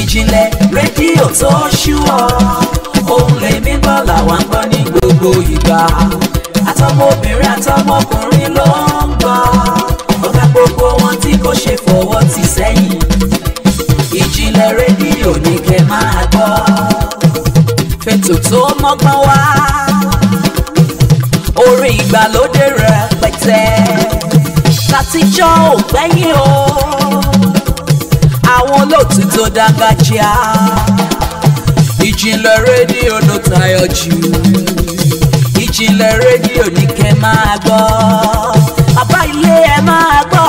ìjìnlẹ̀ rédíò tó ṣúwọ́ ohun lèmi gbọ́ làwọn ń gbọ́ ní gbogbo ìgbà àtọmọbìnrin àtọmọkùnrin ló ń gbọ́ ọ̀gá gbogbo wọn tí kò ṣe fọwọ́ ti sẹ́yìn ìjìnlẹ̀ rédíò ní kẹ́ máa gbọ́ fètò tó mọ́gbọ́n wá orí ìgbàlódé rẹpẹtẹ látijọ́ ò gbẹ́yìn o àwọn olóòtú tó dáńgájíá ìjìnlẹ̀ rédíò ló tayọ jù ìjìnlẹ̀ rédíò ní kẹ́ máa gbọ́ bàbá ilé ẹ máa gbọ́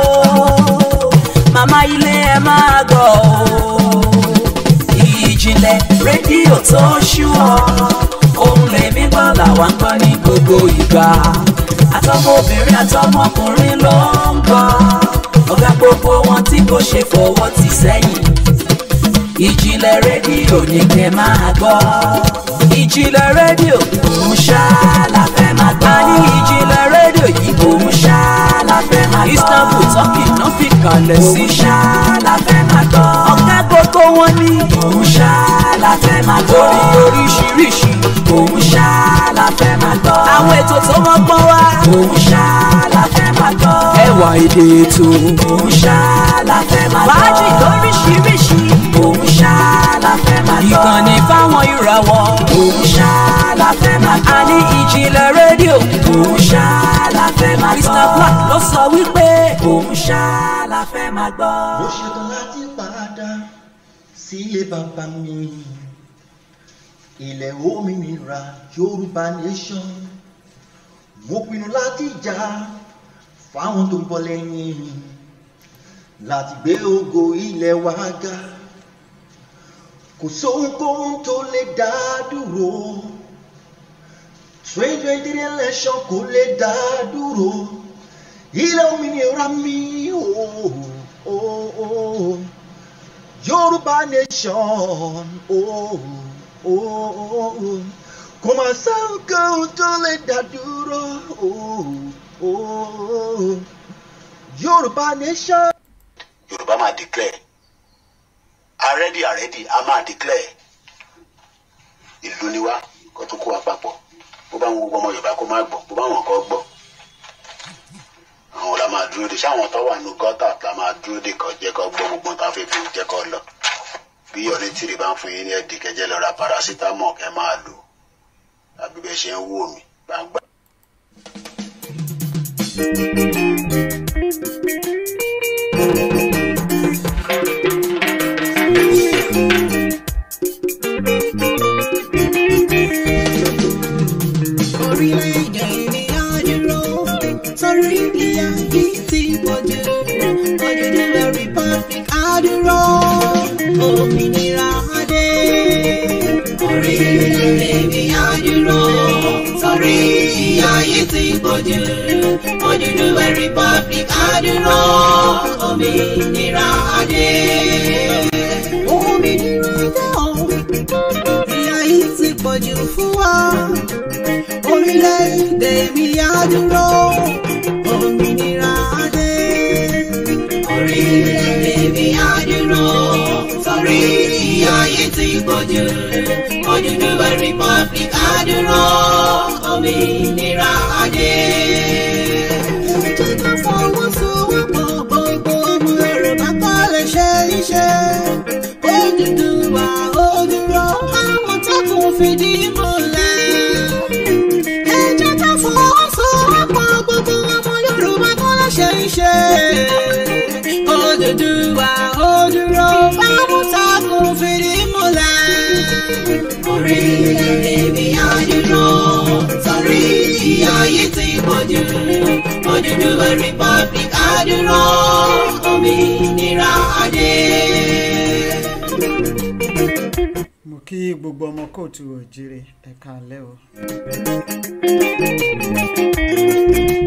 o màmá ilé ẹ máa gbọ́ o ìjìnlẹ̀ rédíò tó ṣúwọ́ ohun lèmi gbọ́ làwọn ń gbọ́ ní gbogbo ìgbà àtọmọ obìnrin àtọmọkùnrin ló ń gbọ́ ọ̀gá gbogbo wọn tí kò ṣe fọwọ́ ti sẹ́yìn ìjìnlẹ̀ rédíò ní kẹ́ máa gbọ́ ìjìnlẹ̀ rédíò òun ṣá la fẹ́ máa gbọ́. a ní ìjìnlẹ̀ rédíò yìí òun la fẹ́ máa gbọ́. Istanbul Turkey náà fi kalẹ̀ sí. òun ṣá la fẹ́ máa gbọ́. ọ̀gá gbogbo wọn ní. òun ṣá la fẹ́ máa gbọ́. orí oríṣiríṣi. òun ṣá la fẹ́ máa gbọ́. àwọn ètò tó mọ́gbọ́n wá. òun la fẹ́ máa gbọ́. ẹwà èdè ètò. òun la fẹ́ máa gbọ́. fàájì lóríṣiríṣi. òun ṣá la fẹ́ máa tọ́. ìkànnì fáwọn ìràwọ̀. Òòṣà la fẹ́ máa tọ́. a ní ìjìnlẹ̀ rédíò. Òòṣà la fẹ́ máa tọ́. Mr Black ló sọ wípé. Òòṣà la fẹ́ máa gbọ́. mo ṣetán láti padà sílé bàbá mi ilẹ̀ òmìnira Yorùbá nation mo pinnu láti jà fáwọn tó ń bọ̀ lẹ́yìn láti gbé ògo ilẹ̀ wa ga kò sóhunkóhun tó lè dá dúró twenty twenty three election kò lè dá dúró ilé òmìnira mi ooo Yorùbá nation ooo ooo kò mà sóhunkóhun tó lè dá dúró ooo ooo Yorùbá nation. Yorùbá máa declare. Already, already, a máa declare ìlú ni wá kó tó kó wa papọ̀ bó bá wọn ọmọ Yorùbá kó má gbọ́ bó bá wọn kọ́ gbọ́ àwọn la máa dúró de sáwọn tó wà nù gọ́tà la máa dúró de kọ́ jẹ́ kọ́ gbọ́ gbogbo tá a fẹ́ fi jẹ́ kọ́ lọ bí yọ̀ní tìrì bá ń fún yín ní ẹ̀dì kẹjẹ lọ ra parasitamọ́ kẹ́ máa lò tàbí bẹ́ẹ̀ ṣe ń wò mí gbàgbà. thank you orílẹ̀-èdè mi á dúró sórí ilé ayé tí mo dúró orílẹ̀ republic á dúró òmìnira dé. orílẹ̀-èdè mi á dúró sórí ilé ayé tí mo dúró orílẹ̀ republic á dúró òmìnira dé. òmìnira dé ọ̀ ilé ayé ti pọ̀jù fún wa orílẹ̀-èdè mi á dúró òmìnira dé. orílẹ̀-èdè mi á dúró sórí ayé tí gbójú Odùduwà republic á dúró òmìnira dé. orílẹ̀-èdè mi á dúró torí ìyá ayé ti pọ̀jù Odùduwà republic á dúró òmìnira adé. mo kí gbogbo ọmọ kóòtù òjìrè ẹ̀ka alẹ́ o. thank you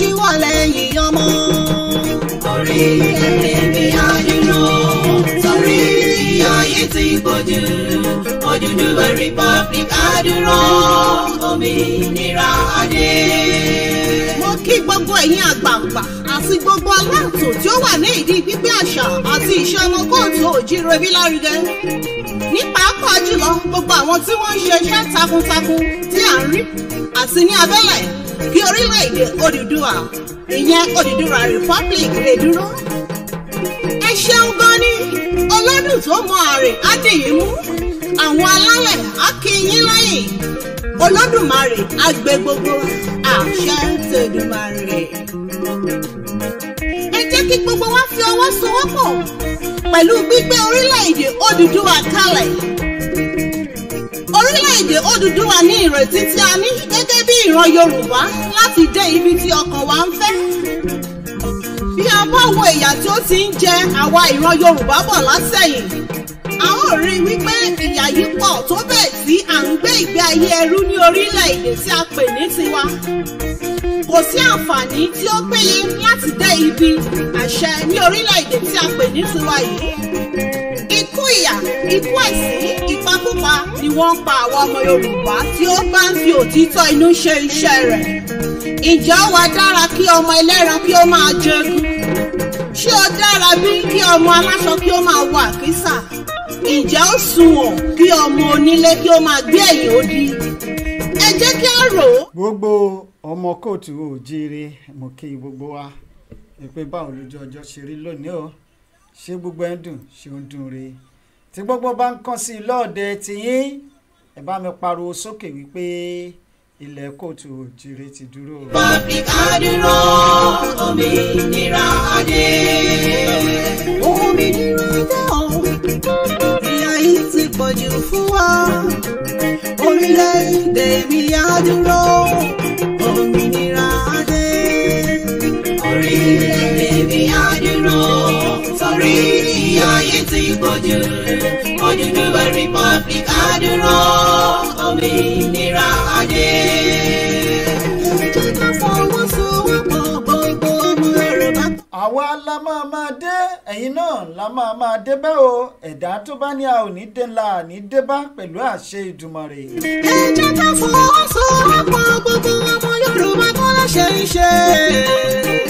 ṣíwọ́ lẹ́yìn ọmọ. orí ẹ̀mí àdúró sórí ayé ti gbójú Odùduwà Republic àdúró òmìnira adé. mo kí gbogbo ẹ̀yin àgbààgbà àti gbogbo aláàtò tí ó wà ní ìdí gbígbé àṣà àti ìṣọmọ kóòtù òjìrò bí lárugẹ ní pàápàá jùlọ gbogbo àwọn tí wọ́n ń ṣe iṣẹ́ takuntakun tí à ń rí àti ní abẹ́lẹ̀ kí orílẹ̀-èdè Odùduwà ìyẹn Odùduwà Republic lè dúró. ẹ ṣeun gan ni ọlọ́dún tó mọ àrè á dì yín mú àwọn alálẹ̀ á kí yín lẹ́yìn Olódùmarè á gbé gbogbo àṣẹ tèdùmarè. ẹ jẹ́ kí gbogbo wa fi ọwọ́ sowọ́pọ̀ pẹ̀lú gbígbé orílẹ̀-èdè Odùduwà kalẹ̀ orílẹ̀-èdè Odùduwà ní ìrètí tí a ní ìran Yorùbá láti dé ibi tí ọkàn wa ń fẹ́. bí a bá wo ìyà tí ó ti ń jẹ àwa ìran Yorùbá bọ̀ látẹ̀yìn a ó rí wípé ìyà yìí pọ̀ tó bẹ́ẹ̀ tí à ń gbé ìgbé ayé ẹrú ní orílẹ̀-èdè tí a pè ní tiwa kò sí àǹfààní tí ó péye láti dé ibi àṣẹ ní orílẹ̀-èdè tí a pè ní tiwa yìí ikú ìyà ikú àìsí ìpakúpa ni wọ́n ń pa àwọn ọmọ Yorùbá tí ó bá ń fi òtítọ́ inú ṣe iṣẹ́ rẹ̀ ǹjẹ́ ó dára kí ọmọ ẹlẹ́ran kí ó máa jẹun ṣé ó dára bí kí ọmọ aláṣọ kí ó máa wọ àkísà ǹjẹ́ ó sunwọ̀n kí ọmọ onílé kí ó máa gbé ẹ̀yìn odi ẹ jẹ́ kí á rò ó. gbogbo ọmọ kóòtù òjìire mo kí gbogbo wa pé báwo ọjọ́ ṣe rí lónìí o ṣé gbogbo ẹ̀ ń dùn ṣé ó ń dùn re tí gbogbo bá ń kàn sí i lọ́ọ̀dẹ tìyín ẹ bá mi pariwo sókè wípé ilẹ̀ kóòtù òjìrè ti dúró. bàbíkà dúró òmìnira adé òmìnira jẹ́ òun ìyà yìí ti pọ̀jù fún wa orílẹ̀-èdè mi yá dúró òmìnira adé orílẹ̀ orí ayé ti pọ̀jù Odùduwà republic àdúrà òmìnira adé. àwa la máa máa dé ẹ̀yin náà la máa máa débẹ̀ o ẹ̀dá tó bá ní a ò ní dé la ní débá pẹ̀lú àṣẹ Ìdùmarè. ẹ jẹ́ ká fọwọ́sowọ́pọ̀ gbogbo ọmọ Yorùbá tó láṣẹ iṣẹ́.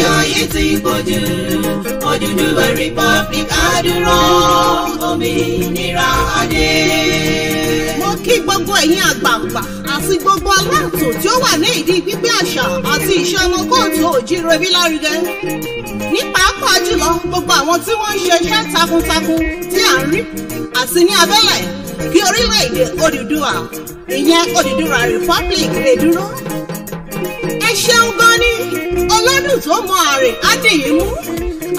Rédíò yìí ti gbójú Odùduwà Republic àdúró òmìnira adé. Mo kí gbogbo ẹ̀yin àgbààgbà àti gbogbo aláàtò tí ó wà ní ìdí gbígbé àṣà àti ìṣọmọ kóòtù òjìrò bí lárugẹ. Ní pàápàá jùlọ gbogbo àwọn tí wọ́n ń ṣe iṣẹ́ takuntakun tí à ń rí àti ní abẹ́lẹ̀ kí orílẹ̀-èdè Odùduwà ìyẹn Odùduwà Republic lè dúró ẹ ṣeun gan ni ọlọ́dún tó mọ àrè á dì yín mú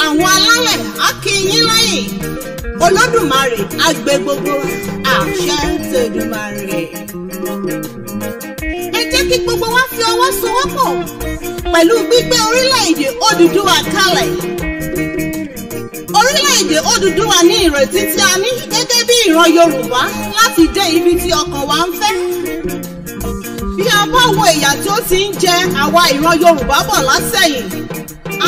àwọn alálẹ̀ á kí yín lẹ́yìn olódùmarè á gbogbo àṣẹ tẹ̀dùmarè. ẹ jẹ́ kí gbogbo wa fi ọwọ́ sowọ́pọ̀ pẹ̀lú gbígbé orílẹ̀-èdè Odùduwà kalẹ̀ orílẹ̀-èdè Odùduwà ní ìrètí tí a ní gẹ́gẹ́ bí ìran Yorùbá láti dé ibi tí ọkàn wa ń fẹ́ máa bọ́wọ́ ìyà tí ó ti ń jẹ àwa ìran Yorùbá bọ̀ látẹ̀yìn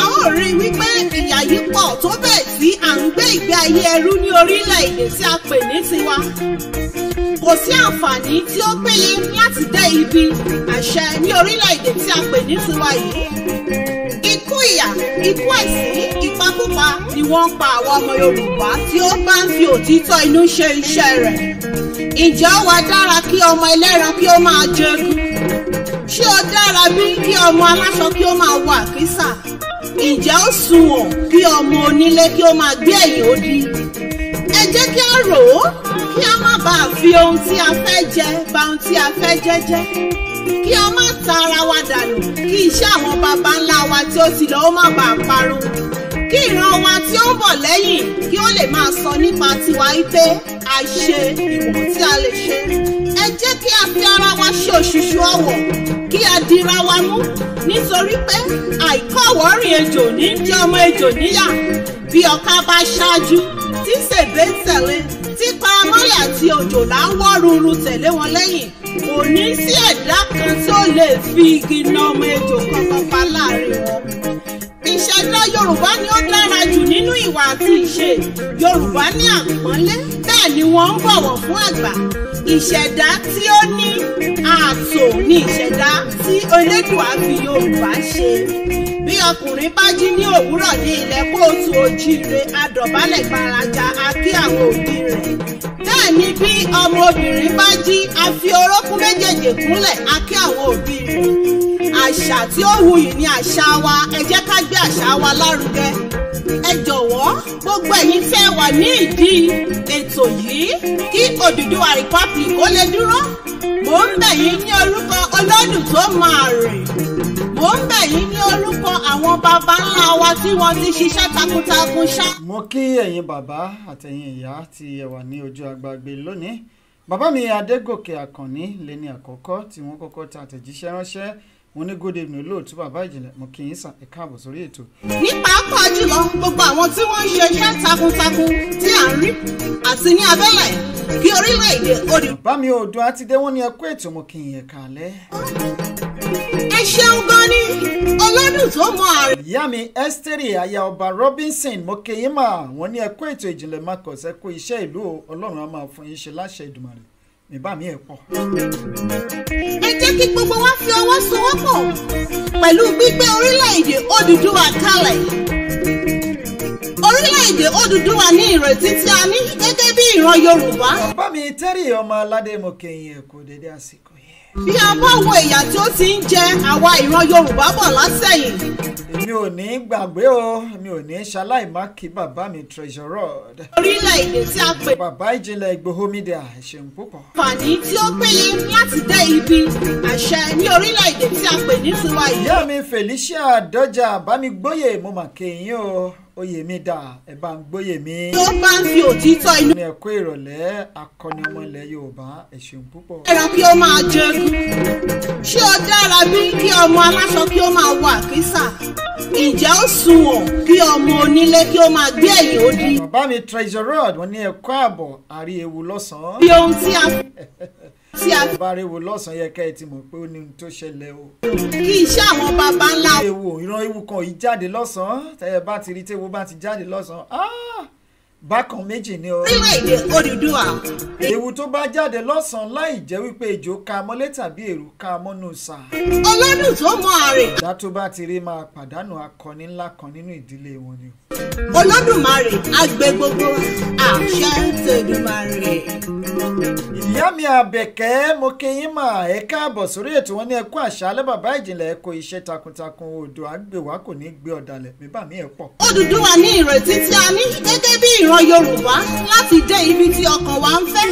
a ó rí wípé ìyà yìí pọ̀ tó bẹ́ẹ̀ tí à ń gbé ìgbé ayé ẹrú ní orílẹ̀-èdè tí a pè ní tiwa kò sí àǹfààní tí ó péye láti dé ibi àṣẹ ní orílẹ̀-èdè tí a pè ní tiwa yìí ìyà ikú àìsí ìpakúpa ni wọ́n ń pa àwọn ọmọ Yorùbá tí ó bá ń fi òtítọ́ inú ṣe iṣẹ́ rẹ̀ ǹjẹ́ ó wá dára kí ọmọ ẹlẹ́ran kí ó máa jẹku ṣé ó dára bí kí ọmọ aláṣọ kí ó máa wọ àkísà ǹjẹ́ ó sunwọ̀n kí ọmọ onílé kí ó máa gbé ẹ̀yìn odi ẹ jẹ́ kí a rò ó kí a má bàa fi ohun tí a fẹ́ jẹ bà ohun tí a fẹ́ jẹ jẹ́ kí a má ta ara wa dànù kí iṣẹ́ àwọn baba ńlá wa tí ó ti lọ ó má bàa parun kí ìran wa tí ó ń bọ̀ lẹ́yìn kí ó lè máa sọ nípa tiwa wípé a ìwọ̀n tí a lè ṣe ẹ jẹ́ kí a fi ara wa ṣe òṣùṣù ọwọ̀ kí a dira wa mú nítorí pé àìkọ́wọ́rìn ejò ní jẹ́ ọmọ ejò níyà bí ọ̀ka bá ṣáájú tí sèbé ń tẹ̀lé tí paramọ́lẹ̀ àti òjòlá ń wọ́ ruru tẹ̀lé wọn lẹ́yìn kò ní sí ẹ̀dá kan tó lè fi igi na ọmọ ejò kankan pa láàrin wọn ìṣẹ̀dá Yorùbá ni ó dára jù nínú ìwà àti ìṣe Yorùbá ní àpọ́nlé bẹ́ẹ̀ ni wọ́n ń bọ̀wọ̀ fún àgbà ìṣẹ̀dá tí ó ní ààtò ni ìṣẹ̀dá tí Elédùà fi Yorùbá ṣe bí ọkùnrin bá jí ní òwúrọ̀ ní ilẹ̀ kóòtù òjíire adọ̀bálẹ̀ gbaraja a àwọn òbí rẹ̀ bẹ́ẹ̀ ni bí ọmọbìnrin bá jí a fi orókún méjèèjì kúnlẹ̀ a àwọn òbí rẹ̀ àṣà tí ó wuyì ní àṣà wa ẹ jẹ́ ká gbé àṣà wa lárugẹ ẹ jọ̀wọ́ gbogbo ẹ̀yin tẹ́ wà ní ìdí ètò yìí kí Odùduwà Republic ó lè dúró mò ń bẹ̀ yín ní orúkọ Ọlọ́dùn tó máa rè mò ń bẹ̀ yín ní orúkọ àwọn baba ńlá wa tí wọ́n ti ṣiṣẹ́ takuntakun ṣá. mo kí ẹ̀yin bàbá àtẹ̀yin ìyá tí ẹ ní ojú agbágbé lónìí bàbá mi Adégòkè Àkànní lẹ́ni àkọ́kọ́ tí wọ́n kọ́kọ́ ta àtẹ̀jíṣẹ́ ránṣẹ́ mo ní good evening olóòtú bàbá ìjìnlẹ̀ mo kì í sàn ẹ káàbọ̀ sórí ètò. ní pàápàá jùlọ gbogbo àwọn tí wọ́n ń ṣe iṣẹ́ takuntakun tí à ń rí àti ní abẹ́lẹ̀ bí orílẹ̀-èdè odò. bá mi ò dùn àti dé wọn ní ẹ ètò mo kì í yẹ kálẹ̀. ẹ ṣeun gan ni ọlọ́dún tó mọ àrùn. ìyá mi Esteri aya ọba Robinson mo kì í mà wọ́n ní ẹ ètò ìjìnlẹ̀ máa kọ̀ sẹ́kù iṣẹ́ ìlú ọlọ́run á máa fún yín ṣe láṣẹ Èdùmàrè ìbá mi ẹ̀ pọ̀. ẹ jẹ́ kí gbogbo wa fi ọwọ́ sowọ́pọ̀ pẹ̀lú gbígbé orílẹ̀-èdè Odùduwà kalẹ̀. orílẹ̀-èdè Odùduwà ní ìrètí tí a ní gẹ́gẹ́ bí ìran Yorùbá. bàbá mi tẹ́rì ọmọ aládé mo kẹ́yìn ẹ̀kọ́ dédé àsìkò bí a wo ìyà tí ó ti ń jẹ àwa ìran Yorùbá bọ̀ látẹ̀yìn. èmi ò ní gbàgbé o mi ò ní ṣaláì má kí bàbá mi Treasure. orílẹ̀-èdè tí a pè. bàbá ìjìnlẹ̀ Ìgbòho Media ṣeun púpọ̀. fàní tí ó péye láti dé ibi àṣẹ ní orílẹ̀-èdè tí a pè ní tiwa yìí. ìyá mi Felicia Dọ́jà bá mi gbóyè mo mà kéyìn o oyèmí dà ẹ bá ń gbóyèmí. tó bá ń fi òtítọ́ inú. ní ẹ̀kọ́ ìrọ̀lẹ́ akọni ọmọ ilẹ̀ yorùbá ẹ púpọ̀. ẹran kí ó máa jẹun ṣé ó dára bí kí ọmọ aláṣọ kí ó máa wọ àkísà ǹjẹ́ ó sunwọ̀n kí ọmọ onílé kí ó máa gbé ẹ̀yìn odi. bàbá mi treasure wọn ní ẹ̀kọ́ ààbọ̀ àrí ewu lọ́sàn-án. bí ohun tí a. tí a. bárewo lọ́sàn-án yẹ ká ẹ ti mọ̀ pé ó ní ohun tó ṣẹlẹ̀ o. kí iṣẹ́ àwọn baba ńlá. ìran ewu kan yìí jáde lọ́sàn-án tẹ́yẹ bá ti rí téwo bá ti jáde lọ́sàn-án ah! bákan méjì ni o. orílẹ̀-èdè Odùduwà. ewu tó bá jáde lọ́sàn-án láì jẹ́ wípé ejò ka mọ́lé tàbí èrú ka mọ́nú sà. ọlọ́dún tó mọ àrè. ìdá tó bá ti rí máa pàdánù akọni ńlá kan nínú ìdílé wọn ni. Olódùmarè àgbẹ̀ gbogbo àṣẹ tẹ̀dùmarè. ìyá mi àbẹ̀kẹ́ mo kí yín mà ẹ káàbọ̀ sórí ètò wọn ní ẹkú àṣálẹ́ bàbá ìjìnlẹ̀ ẹ̀kọ́ iṣẹ́ takuntakun odò àgbèwá kò ní gbé ọ̀dàlẹ̀ bíbà mí ẹ̀ pọ̀. Odùduwà ní ìrètí tí a ní gẹ́gẹ́ bí ìran àwọn Yorùbá láti dé ibi tí ọkàn wa ń fẹ́.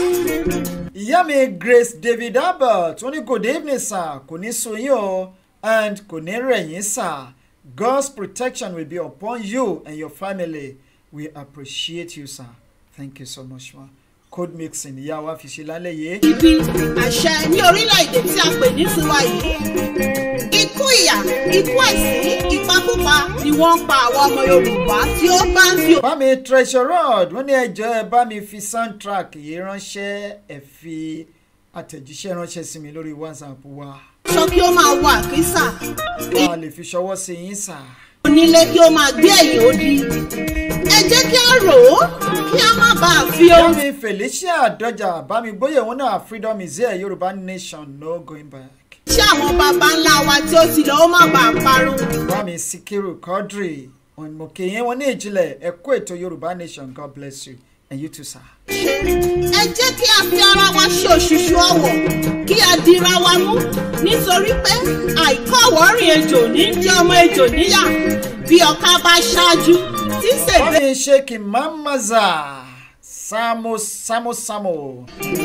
ìyá mi Grace David Albert tó ní good evening sir kò ní sú yín o and kò ní rẹ̀ sir God's protection will be upon you and your family we appreciate you sir thank you so much ma code mixing ìyá wa fi ṣe lálẹ́ yìí. ibi àṣẹ ní orílẹ̀-èdè tí a pè ní tiwa yìí ikú ìyà ikú àìsí ìpakúpa ni wọ́n ń pa àwọn ọmọ Yorùbá tí ó bá ń fi. bá treasure road wọ́n ní ẹjọ́ ẹ bá mi fi soundtrack yìí ránṣẹ́ ẹ fi àtẹ̀jíṣẹ́ ránṣẹ́ sí mi lórí WhatsApp wa. sọ kí ó máa wà kí sà. wàá lè fi ṣọwọ́ sí yín sà onílé kí ó máa gbé ẹ̀yìn odi ẹ jẹ́ kí a rò ó kí a má bàa fi ó. yẹ́nmi Felicia Dọ́jà Bámigbóyè òun náà freedom is here Yorùbá nation no going back ṣé àwọn baba ńlá wa tí ó ti lọ ó má bàa parun. bámi Síkírù Quadri òǹmọ̀kẹ́yìn wọn ní ìjìnlẹ̀ ẹ̀kọ́ ètò Yorùbá Nation God bless you ẹ̀yin tù sá. ẹ jẹ́ kí a fi ara wa ṣe òṣùṣù ọwọ̀ kí a dira wa mú nítorí pé àìkọ́ ọ̀wọ́rìn ejò ní jẹ́ ọmọ ejò níyà bí ọ̀ka bá ṣáájú tí sèbè. wọ́n fi ṣe kì samo samo samo.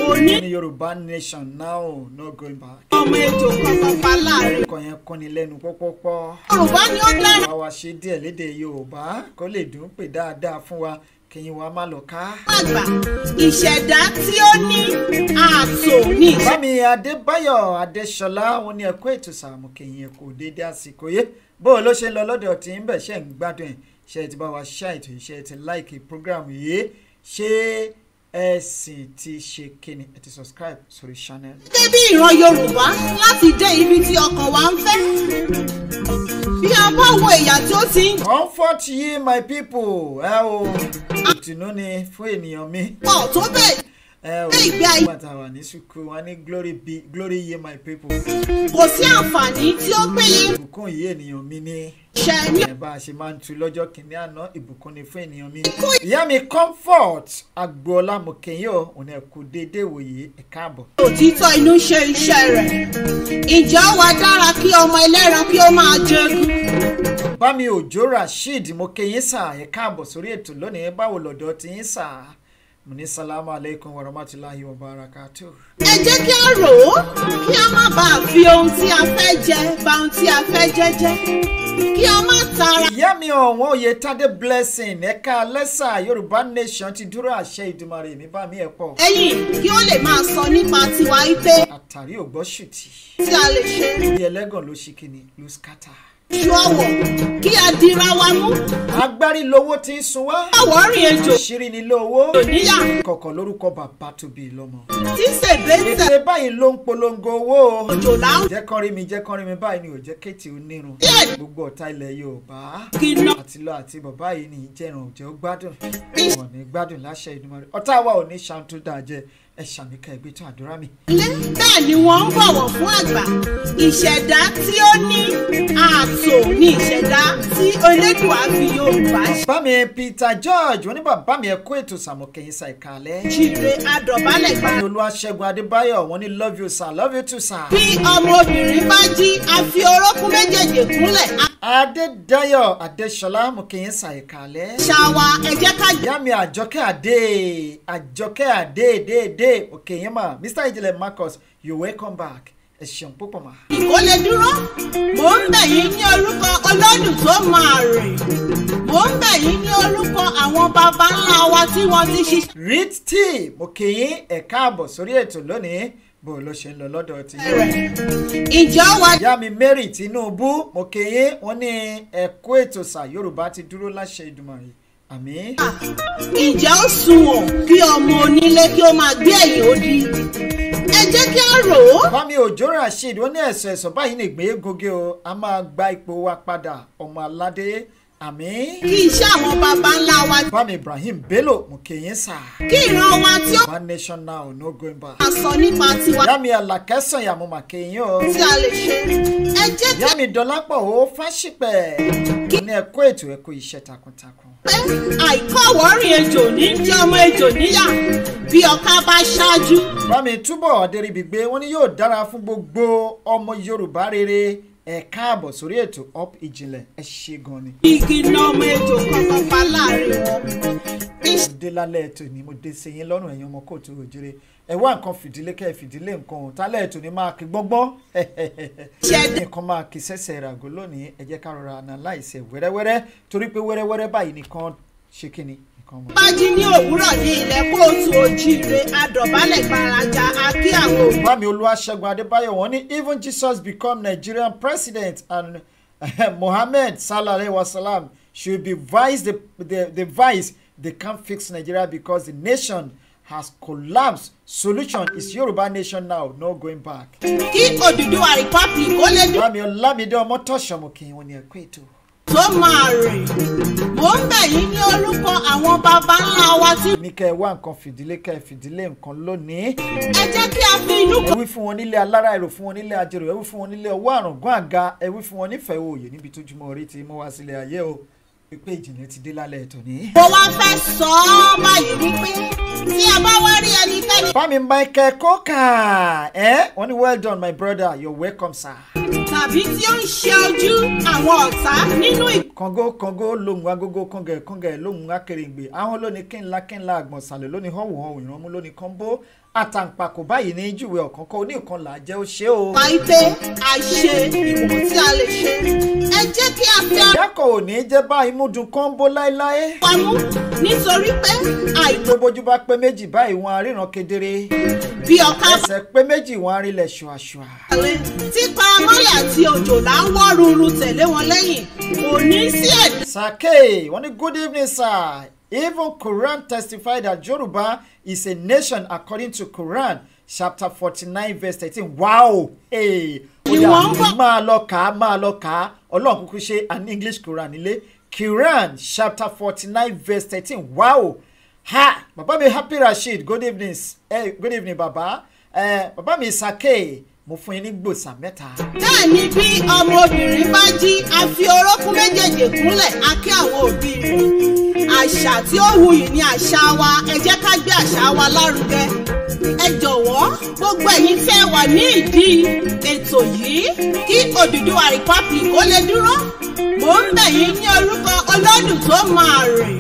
òní ni yorùbá nation now no going back. ọmọ ejò pàpàpà láàrin. ọkọ yẹn kún ni lẹ́nu pọ́pọ́pọ́. yorùbá ni ó dára. àwa ṣe díẹ̀ léde yorùbá kó lè dùn pé dáadáa fún wa kẹyìn wa má lọ ká. àgbà ìṣẹ̀dá tí ó ní ààtò ní. bámi adébáyọ̀ adéṣọlá wọn ní ẹ̀kọ́ ètò sàmù kẹyìn ẹ̀kọ́ déédé àsìkò yé bó o ló ṣe ń lọ lọ́dọ̀ tí ń bẹ̀ ṣe ń gbádùn ẹ̀ ṣe ti bá wa ṣáìtò ṣe ti láìkì prógráàmù yìí ṣe ẹ sì ti ṣe kíni ẹ ti subscribe sórí channel. gẹ́gẹ́ bí ìran yorùbá láti dé ibi tí ọkàn wa ń fẹ́ bí a bá wo ìyà tí ó ti ń. comfort ye my people ẹ o ìtùnú ni fún ènìyàn mi. ọ̀ tó bẹ́ẹ̀ ìgbé ayé. wọ́n ní glory be glory ye my people. kò sí àǹfààní tí ó pélé. ìbùkún yìí ènìyàn mi ní. ṣẹ́ni. ẹ bá a ṣe máa ń tu lọ́jọ́ kìíní àná ìbùkún ni fún ènìyàn mi. ìyá mi comfort agboola mokenyo òun ẹ̀ kú déédéé wòye ẹ̀ káàbọ̀. òtítọ́ inú ṣe iṣẹ́ rẹ̀ ìjọ wa dára kí ọmọ ẹlẹ́ran kí ó máa jẹun. bámi òjò rasheed mokenyin sà ẹ̀ káàbọ̀ sórí ètò lónìí báwo lọ́dọ̀ ti yín sà mo ní salamu aleykum wa rahmatulahi wa barakatu. ẹ jẹ́ kí a rò ó kí a má bàa fi ohun tí a fẹ́ jẹ bà ohun tí a fẹ́ jẹ jẹ́ kí a má tara. ìyá mi ọ̀wọ́n oyè tade blessing ẹ̀ka lẹ́sà yorùbá nation ti dúró àṣẹ ìdùmarè mi bá mi ẹ̀ pọ̀. ẹ̀yin kí ó lè máa sọ nípa tiwa ipe. àtàrí ògbọ́sùtì. tí a lè ṣe. ibi ló ṣe kíni ló ṣe ṣu ọwọ̀ kí a dira wa mú. agbárí lowó ti ń sun wá. ọwọ́ rìn ejò. ṣírí ni lówó. òníyà. kọ̀kọ̀ lórúkọ bàbá tóbi lọ́mọ. tí sèbè ń tẹ̀. ètè báyìí ló ń polongo owó. òjò láwù. jẹ́kọ́rí mi jẹ́kọ́rí mi báyìí ni ò jẹ́ kéètì onírun. gbogbo ọ̀tá ilẹ̀ yorùbá. kìnnà. àtìlọ àti bàbá yìí ni ìjẹun òjò gbádùn. wọn ò ní gbádùn láṣẹ ìdúmọ̀ rẹ̀ ọ̀tá wa ò ní ṣàǹtó dáa jẹ ẹ ṣàmìkà ẹgbẹ́ tó àdúrà mi. bẹ́ẹ̀ ni wọ́n ń bọ̀wọ̀ fún àgbà ìṣẹ̀dá tí ó ní ààtò ní ìṣẹ̀dá tí Elédùà fi Yorùbá ṣe. bá Peter George wọ́n ní bàbá mi ẹ kó ètò sàmùkẹ́yìn sa ìkàlẹ̀. jíde adọ̀bálẹ̀ gbà. Olúwaṣẹ́gun Adébáyọ̀ wọ́n ní love you sir love you too sir. bí ọmọ obìnrin bá jí a fi orókún méjèèjì kúnlẹ̀. Adédáyọ̀ Adéṣọlá mùkẹ́yìn sa ìkàlẹ̀. ṣàwa ẹ̀jẹ̀ ká. yá mi àjọkẹ́ àdé àjọkẹ́ àdé déédéé Philip Okeyema Mr. Ijile Marcus you welcome back ẹ ṣeun púpọ̀ mà. kò lè dúró mò ń bẹ̀ yín ní orúkọ ọlọ́dún tó máa rè mò ń bẹ̀ yín ní orúkọ àwọn baba ńlá wa tí wọ́n ti ṣiṣẹ́. read tea mo kì í ẹ sórí ètò lónìí bó ló ṣe ń lọ lọ́dọ̀ ti yẹ. ìjọ wa. ìyá mi Mary Tinubu mo kì í ní ẹ̀kọ́ ètò sà Yorùbá ti dúró láṣẹ Ìdùmarè àmín. ìjà ah, ó sunwọ̀n kí ọmọ onílé kí ó máa gbé ẹ̀yìn odi ẹ jẹ́ kí á rò ó. bámi òjò Rasheed wọn ní ẹ̀sọ̀ ẹ̀sọ̀ báyìí nìgbín egungun o a máa gba ipò wa padà ọmọ aládé àmín. kí iṣẹ́ àwọn baba ńlá wa. bami Ibrahim Bello mukeyin kí ìran wa tí ó. one nation now no going back. a sọ nípa tiwa. yami alakẹsàn yàmú màkẹyìn o. tí a lè ṣe ẹ jẹ́ kí. yami dọlápọ̀ o fáṣípẹ̀. kí ní ẹ̀kọ́ ètò ẹ̀kọ́ iṣẹ́ takuntakun. pé àìkọ́ wọ́ọ̀rì ejò ní jẹ́ ọmọ ejò níyà bí ọ̀ká bá ṣáájú. bami túbọ̀ adéríbi gbé wọn ni yóò dára fún gbogbo ọmọ Yorùbá rere ẹ káàbọ̀ sórí ètò up ìjìnlẹ̀ ẹ ṣe gan ni. igi ná ọmọ ètò kankan láàrin mo dé lálẹ́ ètò ni mo dé sẹ́yìn lọ́rùn ẹ̀yìn ọmọ kóòtù òjèrè ẹ wá nǹkan fìdílé kẹ́ ẹ fìdílé nǹkan ọ̀hún tálẹ̀ ètò ni máa kí gbọ́ngbọ́n nǹkan máa kí sẹ́sẹ̀ ràgó lónìí ẹ jẹ́ ká rọra analyze wẹ́rẹ́wẹ́rẹ́ torí pé wẹ́rẹ́wẹ́rẹ́ báyìí nìkan ṣe kíni bájí ní òwúrọ̀ ní ilẹ̀ kóòtù òjíire adọ̀bálẹ̀ gbaraja akí àwọn òbí. adébáyọ̀ wọ́n ní even jesus become nigerian president and eh, mohammed salah wasalam should be vice the, the, the vice they can't fix nigeria because the nation has collapsed solution is yoruba nation now no going back. kí Odùduwà republic ó lè dùn. bámi ọlámídé ọmọ tọ̀sánmù kí wọ́n ní ẹ̀kọ́ ètò tó máa rè mò ń bẹ̀ yín ní orúkọ àwọn baba ńlá wa tí. ní kẹ́ ẹ wá nǹkan fìdílé kẹ́ ẹ fìdílé nǹkan lónìí. ẹ jẹ́ kí a fi inú kan. ẹ wí fún wọn nílé alára èrò fún wọn nílé ajérò ẹ wí fún wọn nílé ọwọ́ àrùngún àga ẹ wí fún wọn nífẹ̀ẹ́ òòyè níbi tójúmọ́ orí ti mú wá sílẹ̀ ayé o pé ìjìnlẹ̀ ti dé lálẹ́ ètò ní. mo wá fẹ́ sọ ọ́ báyìí wípé tí a bá wá rí ẹnikẹ́ni. fami michael coca ẹ wọ́n ní well done my brother you're welcome sir. tàbí tí ó ń ṣe ojú àwọn ọ̀tá nínú ì. kàngó kàngó lòun agogo kàngẹ̀ kàngẹ̀ lòun akèrègbè àwọn lónìí kínla kínla àgbọ̀nsálẹ̀ lónìí họ̀wù họ̀wù ìrànmú lónìí kọ́ńbó àtàǹpàkò báyìí ní júwe ọ̀kan kan oníkan là á jẹ́ ó ṣe o. pàìtẹ́ àìṣe ìwọ̀n tí a lè ṣe ẹ jẹ́ kí a fẹ́. ìdákọ̀ ò ní jẹ́ bá imúdun kọ́ńbó láéláé. pamọ́ nítorí pé àìtó. tó bójú bá pé méjì báyìí wọn aríran kedere. bí ọ̀ká. ẹsẹ̀ pé méjì wọn arílẹ̀ ṣùàṣùà. títa mọ́lẹ̀ àti òjòlá ń wọ́ ruru tẹ̀lé wọn lẹ́yìn kò ní sí ẹ̀. sake wọn ní good evening sir Even Quran testified that Yoruba is a nation according to Quran chapter forty-nine verse thirteen. Wow! Hey, oya máa lọ kà á máa lọ kà á ọlọ́run kúkú ṣe an English Quran ilé Quran chapter forty-nine verse thirteen. Wow! Ha! Bàbá mi Happy Rasheed good evening eh, good evening bàbá eh, bàbá mi Sake mo fún yín ní gbòòsà mẹ́ta. bẹ́ẹ̀ ni bí ọmọbìnrin bá jí a fi orókún méjèèjì kúnlẹ̀ a kí àwọn òbí rẹ̀ àṣà tí ó wuyì ní àṣà wa ẹ jẹ́ ká gbé àṣà wa lárugẹ ẹ jọ̀wọ́ gbogbo ẹ̀yin tẹ́ wà ní ìdí ètò yìí kí Odùduwà Republic ó lè dúró mò ń bẹ̀ yín ní orúkọ Ọlọ́run tó máa rìn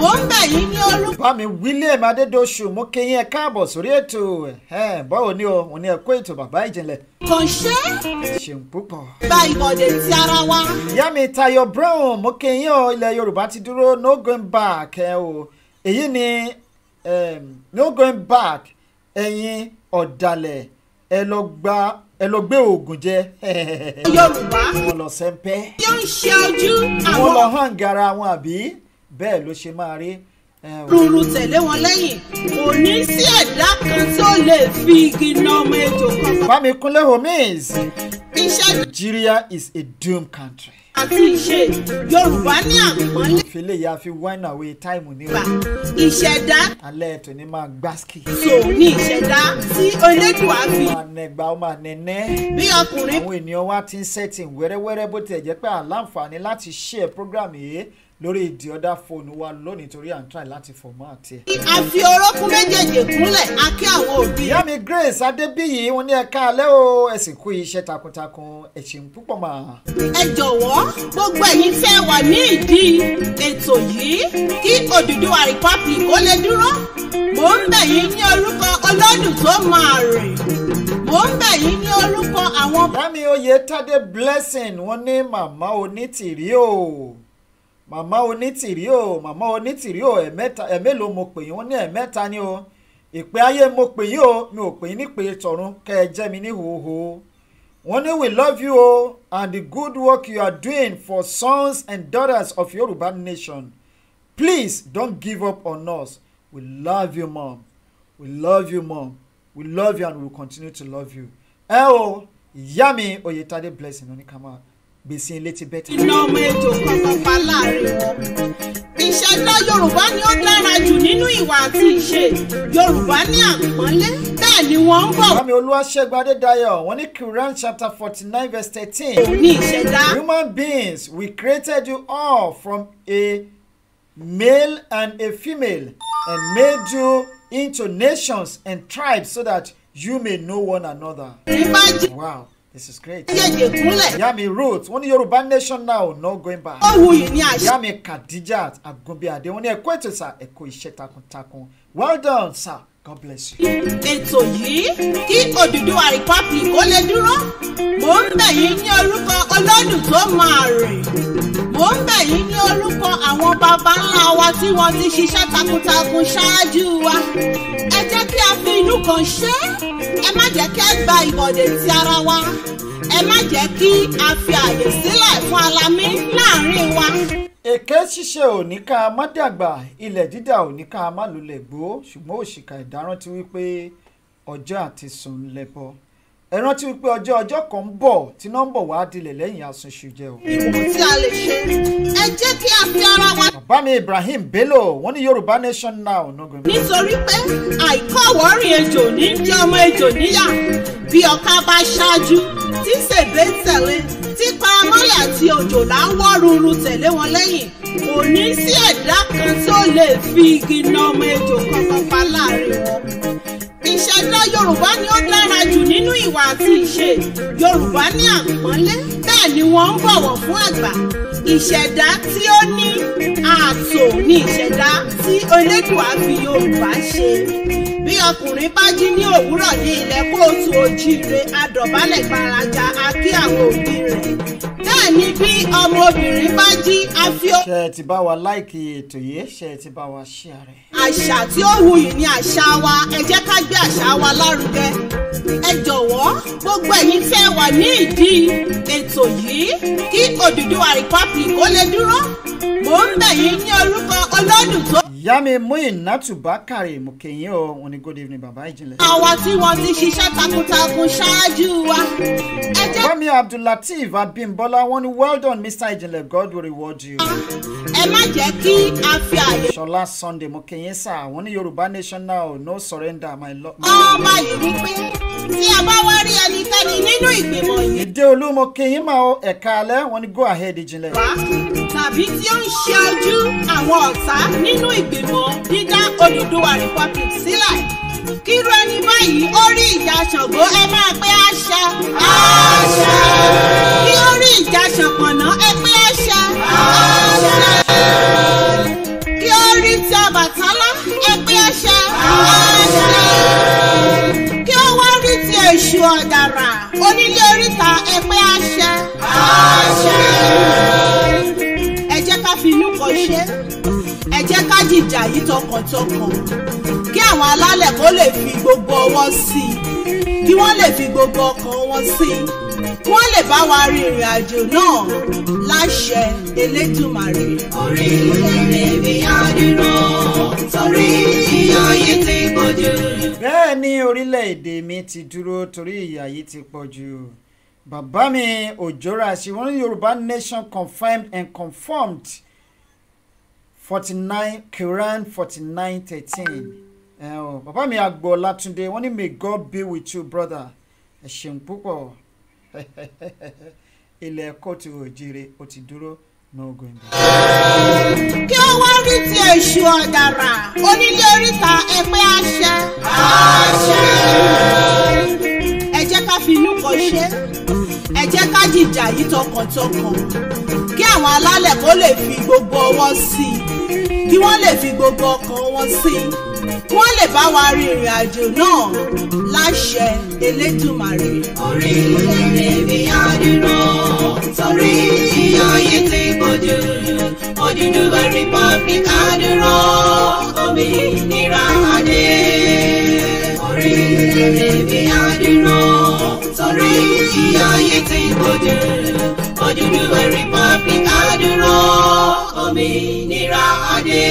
mò ń bẹ̀ yín ní orúkọ. bá William Adédọ̀ṣù mú kí yín ẹ káàbọ̀ sórí ètò báwo ni o òun ni ẹ kó ètò bàbá ìjìnlẹ̀ kò ṣe. ṣeun púpọ̀. gba ìbọ̀dẹ̀ ti ara wa. ìyá mi Tayo Brown mú kí yín o ilẹ̀ Yorùbá ti dúró no going back ẹ o èyí ni um, no going back ẹ̀yin ọ̀dàlẹ̀ ẹ lọ gba ẹ lọ gbé oògùn jẹ. yorùbá wọn lọ sẹ́ńpẹ́. yóò ṣe ojú àwọn. wọn lọ hàn gara wọn àbí bẹ́ẹ̀ ló ṣe máa rí. rúurú tẹ̀lé wọn lẹ́yìn kò ní sí ẹ̀dá kan tó lè fi igi na ọmọ ejò kan. bámi kúnlẹ̀ homies. Nigeria is a doomed country àti ìṣe yorùbá ní àpọ́nlé. ìfẹ́lẹ́ yìí a fi wine away time ní o. ìṣẹ̀dá. alẹ́ ètò ní máa gbásíkì. so ní ìṣẹ̀dá tí onídùá fi. ó máa nẹgbà ó máa nẹnẹ́. bí ọkùnrin. àwọn ènìyàn wa ti ń sẹ́tìn wẹ́rẹ́wẹ́rẹ́ bó tilẹ̀ jẹ́ pé àǹfààní láti ṣe program yìí lórí the other phone wa lónìí torí à ń try láti fọ̀mọ́ àti ẹ̀. a fi orókún méjèèjì kúnlẹ̀ a kí àwọn òbí. ìyá mi Grace Adébíyì wọn ní ẹ káalẹ́ o ẹ sì kú iṣẹ́ takuntakun ẹ ṣeun púpọ̀ mà. ẹ jọ̀wọ́ gbogbo ẹ̀yin tẹ́ wà ní ìdí ètò yìí kí Odùduwà Republic ó lè dúró mò ń bẹ̀ yín ní orúkọ Ọlọ́dùn tó máa rìn mò ń bẹ̀ yín ní orúkọ àwọn. ìyá mi Oyètádé Blessing wọn ní màmá onítìrí o màmá onítìrí o màmá onítìrí o ẹ̀mẹ́ta ẹ̀mélòó mo pè yín wọ́n ní ẹ̀mẹ́ta ni o ìpè ayé mo pè yín o mi ò pè yín nípè tọ̀run kẹ́ ẹ jẹ́ mi ní hòhò wọ́n ní we love you o and the good work you are doing for sons and daughters of Yoruba nation please don't give up on us we love you mom we love you mom we love you and we will continue to love you ẹ o ìyá mi Oyètádé blessing oníkàmá gbèsè létí bẹ́tà. iná ọmọ ètò kan pàpà láàrin wọn. ìṣẹ̀dá yorùbá ni ó dára jù nínú ìwà àti ìṣe yorùbá ní àpọ́nlé bẹ́ẹ̀ ni wọ́n ń bọ̀. bámi olúwaṣẹ́gun adédayọ̀ wọ́n ní quran chapter forty nine verse thirteen. òun ní ìṣẹ̀dá. human beings we created you all from a male and a female and made you into nations and tribes so that you may know one another. wow this is great. ẹyẹjẹ kúnlẹ̀. ìyá mi ruth wọ́n ní yorùbá nation now no going back. ó wuyì ní àṣẹ. ìyá mi khadijat agunbíàdé wọ́n ní ẹ̀kọ́ ètò sà takuntakun well done sir. God bless you. ètò yìí kí Odùduwà Republic ó lè dúró mò ń bẹ̀ yín ní orúkọ Ọlọ́dùn tó máa rè mò ń bẹ̀ yín ní orúkọ àwọn baba ńlá wa tí wọ́n ti ṣiṣẹ́ takuntakun ṣáájú wa ẹ jẹ́ kí a fi inú kan ṣe é ẹ má jẹ́ kí a gba ìbọ̀dẹ̀ ti ara wa ẹ má jẹ́ kí a fi àyè sílẹ̀ fún alamí láàrin wa. èké ṣíṣe ò ní ká má dàgbà ilẹ̀ dídà ò ní ká má lulẹ̀ gbó ṣùgbọ́n òṣìkà ìdáràn ti wí pé ọjọ́ àti sùn ń lẹ́bọ ẹ rántí wípé ọjọ́ ọjọ́ kan ń bọ̀ tí nọ́mbà wà dilẹ̀ lẹ́yìn asunṣu jẹ́ o. tí a lè ṣe ẹ jẹ́ kí a fi ara wa. bàbá mi Ibrahim Bello wọ́n ní Yorùbá Nation Now náà. nítorí pé àìkọ́wọ́rìn ejò ní jẹ́ ọmọ ejò níyà bí ọ̀ka bá ṣáájú tí ṣègbè ń tẹ̀lé típa amọ́lẹ̀ àti òjòlá ń wọ́ ruru tẹ̀lé wọn lẹ́yìn kò ní sí ẹ̀dá kan tó lè fi igi na ọmọ ejò kankan pa láàrin wọn. ìṣẹ̀dá yorùbá ni ó dára jù nínú ìwà àti ìṣe yorùbá ní àpọ́nlé bẹ́ẹ̀ ni wọ́n ń bọ̀wọ̀ fún àgbà ìṣẹ̀dá tí ó ní ààtò ni ìṣẹ̀dá tí elédùà fi yorùbá ṣe bí ọkùnrin bá jí ní òwúrọ̀ ní ilẹ̀ kóòtù òjíire adọ̀bálẹ̀ gbaraja a kí àwọn òbí rẹ̀ bẹ́ẹ̀ ni bí ọmọbìnrin bá jí afió. ṣe ẹ ti bá wa láìkì ètò yìí ṣe ẹ ti bá wa ṣí ààrẹ. àṣà tí ó wuyì ni àṣà wa ẹ jẹ́ ká gbé àṣà wa lárugẹ ẹ jọ̀wọ́ gbogbo ẹ̀yin tẹ́ wà ní ìdí ètò yìí kí Odùduwà Republic ó lè dúró mò ń bẹ̀ yín ní orúkọ Olódùtó ìyá mi Muyinatu Bakare mo kí yín o wọ́n ní good evening bàbá ìjìnlẹ̀. àwọn tí wọ́n ti ṣiṣẹ́ takuntakun ṣáájú wa. Fẹ́mi Abdullateef Abimbola wọ́n ní well done Mr. Ìjìnlẹ̀ God will reward you. ẹ má jẹ́ kí a fi àyè. Ṣọlá Sunday mo kí yín sà wọ́n ní Yorùbá National no surrender my love. ọmọ yìí wípé tí a bá wá rí ẹnikẹ́ni nínú ìgbìmọ̀ yìí. ìdè olúmọ kẹyìn máa ẹ̀ka alẹ́ wọn ni go ahead ìjìnlẹ̀. wá tàbí tí ó ń ṣe ojú àwọn ọ̀tá nínú ìgbìmọ̀ ìgbìmọ̀ dídá Odùduwà Republic sílẹ̀ kírú ẹni báyìí ó rí ìjà Ṣàngó ẹ máa pé àṣẹ. àṣẹ. kí ó rí ìjà Ṣànpọ̀nná ẹ pé àṣẹ. àṣẹ. kí ó rí ti Ọbàtálá ẹ pé àṣẹ. àṣẹ. kí ó wá rí ti Èṣù Ọ̀dàrà onílé oríta ẹ pé àṣẹ. àṣẹ. ẹ jẹ́ ká fi inú kọ́ ṣe jẹ́ ká jìjà yìí tọkàntọkàn kí àwọn alálẹ̀ kó lè fi gbogbo ọwọ́ sí i kí wọ́n lè fi gbogbo ọkàn wọn sí i kí wọ́n lè bá wa rin ìrìn àjò náà láṣẹ Elédùmarè. orí ilé mi á dúró torí ìyà yìí ti pọ̀ jù. bẹ́ẹ̀ ni orílẹ̀-èdè mi ti dúró torí ìyà yìí ti pọ̀ jù bàbá mi òjòrà sí Yorùbá Nation confirmed and confirmed forty nine Quran forty nine thirteen bàbá mi àgbọ̀ Látúndé wọ́n ní may God be with you brother ẹ ṣeun púpọ̀ ilẹ̀ ẹ̀kọ́ ti òjìire ó ti dúró no going back. kí ó wá rí ti èṣù ọ̀dàrà onílé oríta ẹgbẹ́ àṣẹ. àṣẹ. ẹ jẹ́ ká fi inú kan ṣe ẹ jẹ́ ká jìjà yìí tọkàntọkàn kí àwọn alálẹ̀ kó lè fi gbogbo ọwọ́ sí i kí wọ́n lè fi gbogbo ọkàn wọn sí i wọ́n lè bá wa rin ìrìn àjò náà láṣẹ Elédùmarè. orílẹ̀-èdè mi á dúró torí ìyáyé ti gbójú Odùduwà republic á dúró òmìnira adé. orílẹ̀-èdè mi á dúró torí ìyáyé ti gbójú Odùduwà republic á dúró òmìnira adé.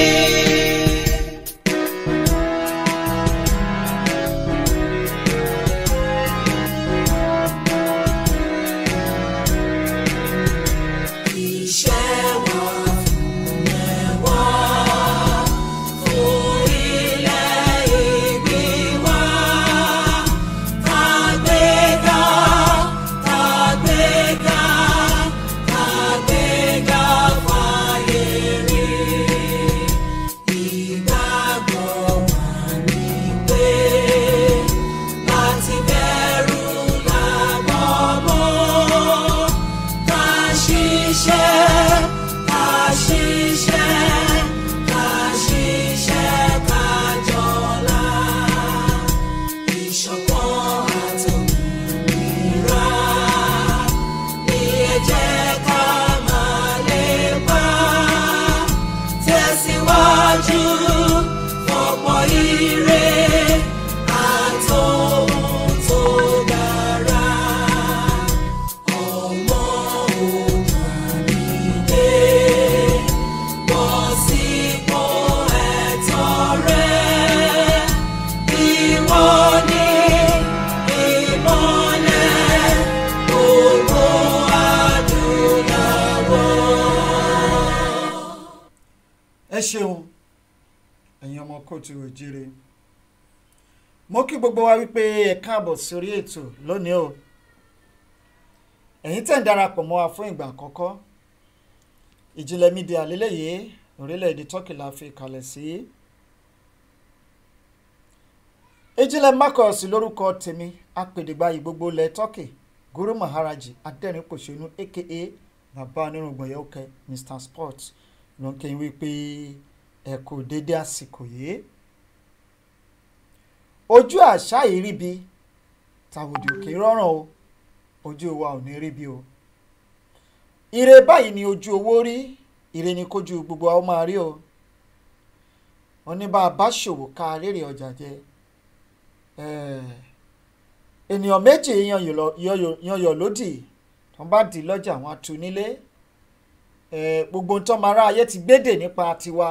káàbọ̀ sórí ètò lónìí o ẹ̀yin tẹ̀ ń darapọ̀ mọ́ wa fún ìgbà àkọ́kọ́ ìjìnlẹ̀ orílẹ̀-èdè turkey la fi kalẹ̀ sí. ìjìnlẹ̀ marcus lórúkọ tèmi apèdègbàyè gbogbo ilẹ̀ turkey guru maharaji adẹ́rìnpòṣónú aka bàbá onírùngbọ̀n yẹ́wọ́kẹ́ mr sport ló ń kẹ́yìn wípé ẹ kò déédé àsìkò yìí ojú àṣà tàwòdì òkè rọrùn o ojú wa ò ní rí bí o ire báyìí ni ojú owó rí ire ni kójú gbogbo wa ó máa rí o wọn ní bá a bá ṣòwò ká rèrè ọjà jẹ ènìyàn méjì yanyọ̀ lódì wọn bá dì í lọ́jà wọn á tu nílé gbogbo ohun máa rá ayé ti gbédè nípa tiwa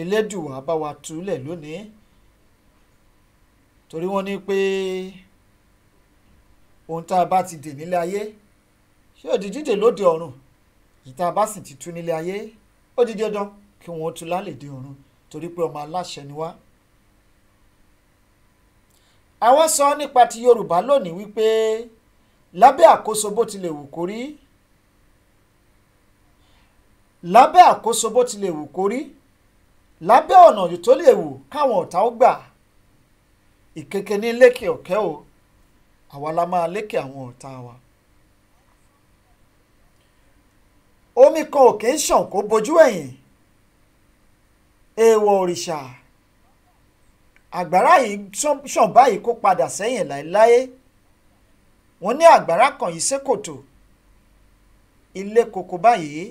elédùwà bá wa lónìí torí wọ́n ní pé ohun tá a bá ti dè nílé ayé ṣé ó di dídè lóde ọ̀run ìta bá sì ti tú nílé ayé ó di dandan kí wọ́n tú lálèdè ọ̀run torí pé ọmọ aláṣẹ ni wá. àwọn sọ nípa ti Yorùbá lónìí wípé lábẹ́ àkóso bó tilẹ̀ wù kó lábẹ́ àkóso bó tilẹ̀ wù kó lábẹ́ ọ̀nà tó lè wù káwọn ọ̀tá ó gbà ìkeke ní lékè ọ̀kẹ́ o àwa la máa lékè àwọn ọ̀tá wa. omi kan òkè ń ṣàn kó bojú ẹ̀yìn èèwọ̀ òrìṣà àgbàrá yìí ṣàn báyìí kó padà sẹ́yìn láéláé wọ́n ní àgbàrá kan yìí sékòtò ilé koko báyìí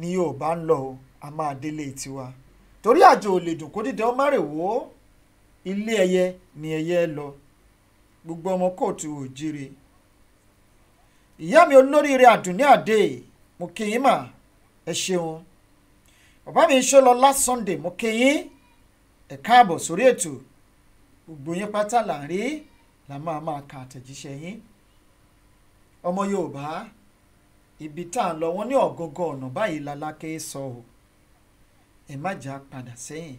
ni yóò bá ń lọ a máa délé tiwa torí àjò ò dùn kó dídán má rè wò ó. ilé ẹyẹ ni ẹyẹ lọ gbogbo ọmọ kóòtù òjire ìyá mi olóríire àdùnní àdè mo kí mà ẹ ṣeun bàbá mi ṣó lọ last sunday mo kí ẹ sórí ètò gbogbo yín pátá là ń rí ka àtẹ̀jíṣẹ́ yín ọmọ yorùbá ibi tá lọ wọn ní ọ̀nà sọ ọ ẹ má jà padà sẹ́yìn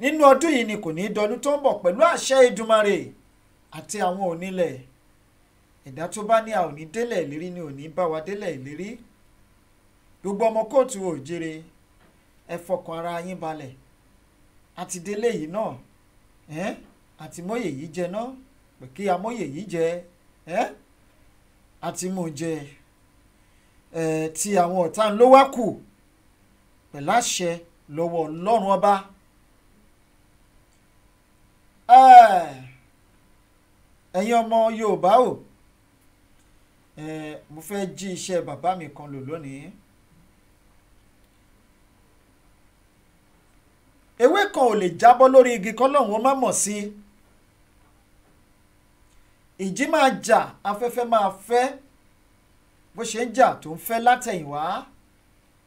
nínú ọdún yìí ni kò ní í dọdún tó ń bọ̀ pẹ̀lú àṣẹ Èdùmàrè àti àwọn onílẹ̀ ẹ̀dá tó bá ní a ò ní délẹ̀ ìlérí ni ò ní bá wa délẹ̀ ìlérí gbogbo ọmọ kóòtù òjèrè ẹ fọkàn ara yín balẹ̀ àti délé yìí náà àti mọ́yè yìí jẹ náà pé kí amóyè yìí jẹ àti mò jẹ ti àwọn ọ̀tá ńlọ́wọ́ kù pẹ̀láṣẹ lọ́wọ́ ọlọ́run ọba ẹ̀yin ọmọ Yorùbá o mo fẹ́ jí iṣẹ́ bàbá mi kan lò lónìí. ewé kan ò lè jábọ́ lórí igi kọ́lọ́hún ó má mọ̀ sí i ìjì máa jà afẹ́fẹ́ máa fẹ́ bó ṣe ń jà tó ń fẹ́ látẹ̀yìnwá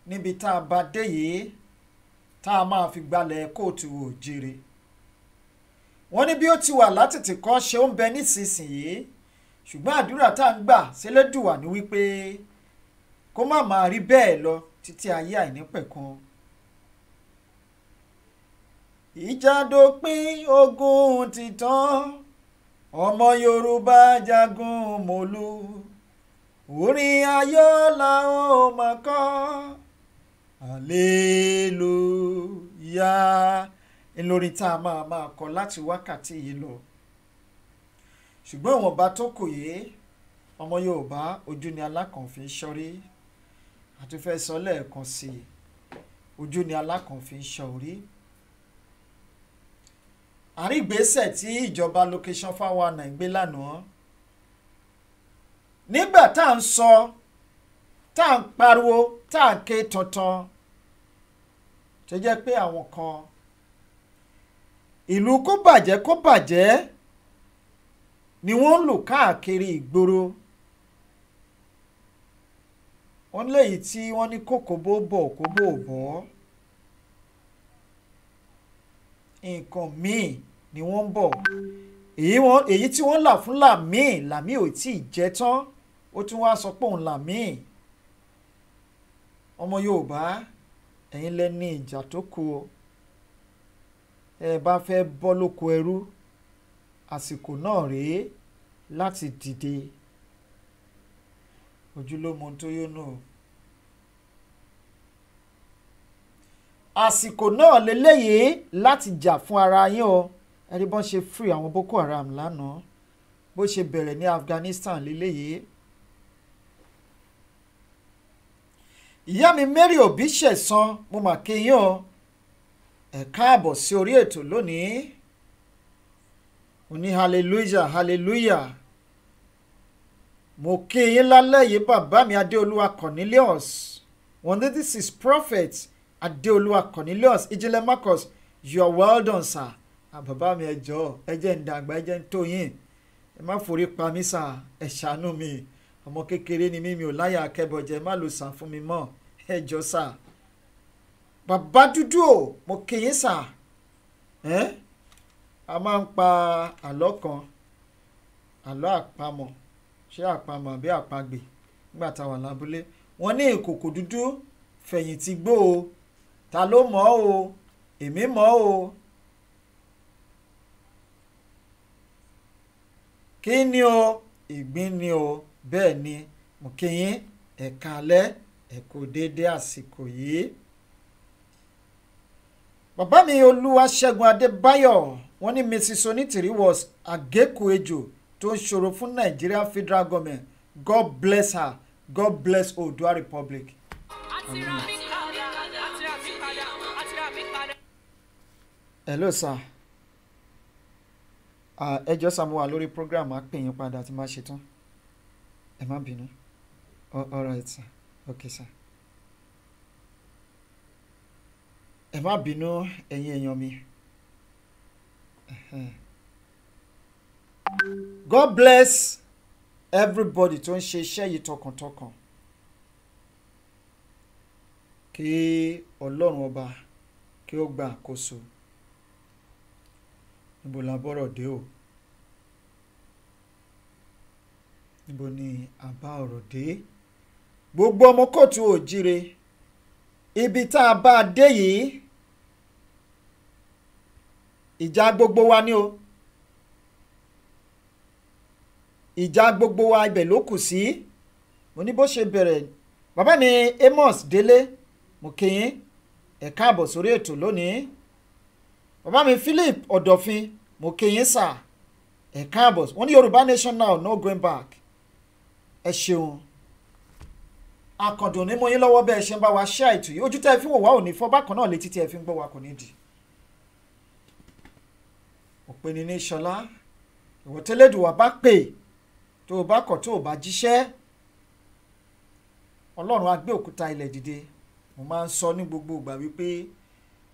níbi tá a bá dé yìí tá a máa fi gbalẹ̀ kóòtù òjèrè wọ́n ní bí ó ti wà látètè kọ́ ṣe ó ń bẹ nísinsìnyí ṣùgbọ́n àdúrà tá à ń gbà sélédùwà ní wípé kó má máa rí bẹ́ẹ̀ lọ títí ayé àìnípẹ̀kan. ìjà ogun ti tán ọmọ Yorùbá jagun mòlú orin ayọ̀ la ó máa kọ hallelujah ńlórí tá a máa máa kọ láti wákàtí yìí lọ ṣùgbọ́n ìwọ̀nba tó kù yìí ọmọ Yorùbá ojú ni alákànfí ń ṣọ́rí àti fẹ́ sọ lẹ́ẹ̀kan sí i ojú ni alákànfí ń ṣọ́rí tí ìjọba location fáwọn àna ìgbé lánàá nígbà tá à ń sọ tá à ń pariwo tá à ń ké tuntun tó jẹ́ pé àwọn kan ìlú kó bàjẹ́ kó bàjẹ́ ni wọ́n ń lò káàkiri ìgboro wọ́n léyìí tí wọ́n ní kòkòbó bọ̀ kòbó bọ̀ nǹkan míì ni wọ́n ń bọ̀ èyí tí wọ́n là fún làmíì làmíì ò tí ì jẹ́ tán ó tún wá sọ pé òun làmíì ọmọ Yorùbá ẹ̀yin lẹ ìjà tó kù o ẹ bá fẹ́ bọ́ lóko ẹrú àsìkò náà rèé láti dìde ojúlómo tó yónú o. àsìkò náà lélẹ́yìí láti jà fún ara yín o ẹni bọ́n ṣe free àwọn Boko Haram lánàá bó ṣe bẹ̀rẹ̀ ní Afghanistan lélẹ́yìí. ìyá mi Mary Obi ṣẹ̀san mo mà kéyàn o ẹ káàbọ̀ sí orí ètò lónìí òní hallelujah hallelujah mo kí yín lálẹ́ yìí bàbá mi adéolúwa cornelius one day this is prophet adéolúwa cornelius ìjìnlẹ̀ marcus you are well done sir ah, bàbá mi ẹ jọ̀ọ́ ẹ jẹ́ ń dàgbà ẹ jẹ́ ń tó yín ẹ má forí pa mí sà ẹ ṣàánú mi ọmọ kékeré ni mí mi ò láyà akẹ́bọ̀jẹ́ má lò sàn fún mi mọ́ ẹ sà bàbá dúdú o mo kí yín sà a máa ń pa àlọ́ kan àlọ́ àpamọ̀ ṣé àpamọ̀ àbí àpagbè nígbà tá a wà lábúlé wọ́n ní ìkòkò dúdú fẹ̀yìntì gbó o ta ló mọ̀ ọ́ o èmi mọ̀ ọ́ o kí ni o ìgbín ni o bẹ́ẹ̀ ni mo kí ẹ̀ka alẹ́ ẹ̀kọ́ déédéé àsìkò yìí bàbá mi olúwaṣẹ́gun adébáyọ̀ wọ́n ní mrs onítìrí was àgékù ejò tó ń ṣòro fún nàìjíríà federal government god bless her god bless Odua republic. hello sir ẹjọ́ samuwa lórí program á pè yín padà tí máa ṣe tán ẹ má bínú all right sir okay sir. ẹ má bínú ẹ̀yin God bless everybody tó ń ṣe iṣẹ́ yìí tọkàntọkàn kí ọlọ́run ọba kí ó gba àkóso níbo la bọ́rọ̀ dé o níbo ni àbá ọ̀rọ̀ dé gbogbo ọmọ kóòtù òjíire ibi tá a bá a dé yìí ìjà gbogbo wa ni o ìjà gbogbo wa ibẹ̀ ló kù sí mo ní bó ṣe bẹ̀rẹ̀ bàbá mi Amos Délé mo kí yín ẹ káàbọ̀ sórí ètò lónìí bàbá mi Philip Ọ̀dọ̀fin mo kí yín sà ẹ káàbọ̀ wọ́n ní Yorùbá Nation now no going back ẹ ṣeun akọ̀dùn ní mo yín lọ́wọ́ bẹ́ẹ̀ ṣe ń bá wa ṣe àìtù yìí ojú tẹ́ ẹ fi wò wá òní fọ́ bákan náà létí tí ẹ fi ń gbọ́ wa kò ní dì í òpinniní ṣọlá ìwọ tẹlẹdùwà bá pè tó o bá kọ̀ tó o bá jíṣẹ́ ọlọ́run á gbé òkúta ilẹ̀ dìde mo máa ń sọ ní gbogbo ìgbà wípé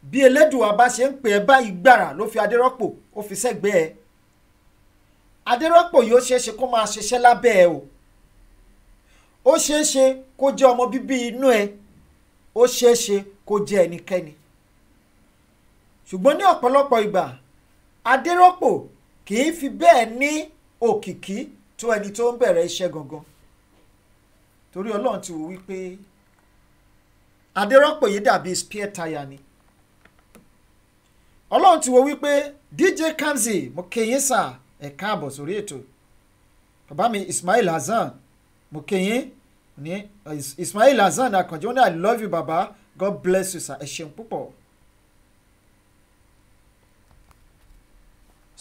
bí elédùwà bá ṣe ń pè ẹ́ báyìí gbàrà ló fi adérọ́pò ó fi sẹ́gbẹ́ ẹ adérọ́pò yìí ó ṣeé kó máa ṣiṣẹ́ lábẹ́ ẹ o ó ṣeé kó jẹ́ ọmọ bíbí inú ẹ ó ṣeé kó jẹ́ ẹnikẹ́ni ṣùgbọ́n ní ọ̀pọ̀lọpọ̀ ìgbà adérọ́pò kì í fi bẹ́ẹ̀ ní òkìkí tó ẹni tó ń bẹ̀rẹ̀ iṣẹ́ gangan torí ọlọ́run ti wò wípé adérọ́pò yìí dàbí spare tire ni ọlọ́run ti wò wípé dj kamsi mo kí yín sà ẹ̀ káàbọ̀ sórí ètò bàbá mi ismail hasan mo kí ní ismail hasan àkànjọ́ ní i love you baba god bless you sir ẹ ṣeun púpọ̀.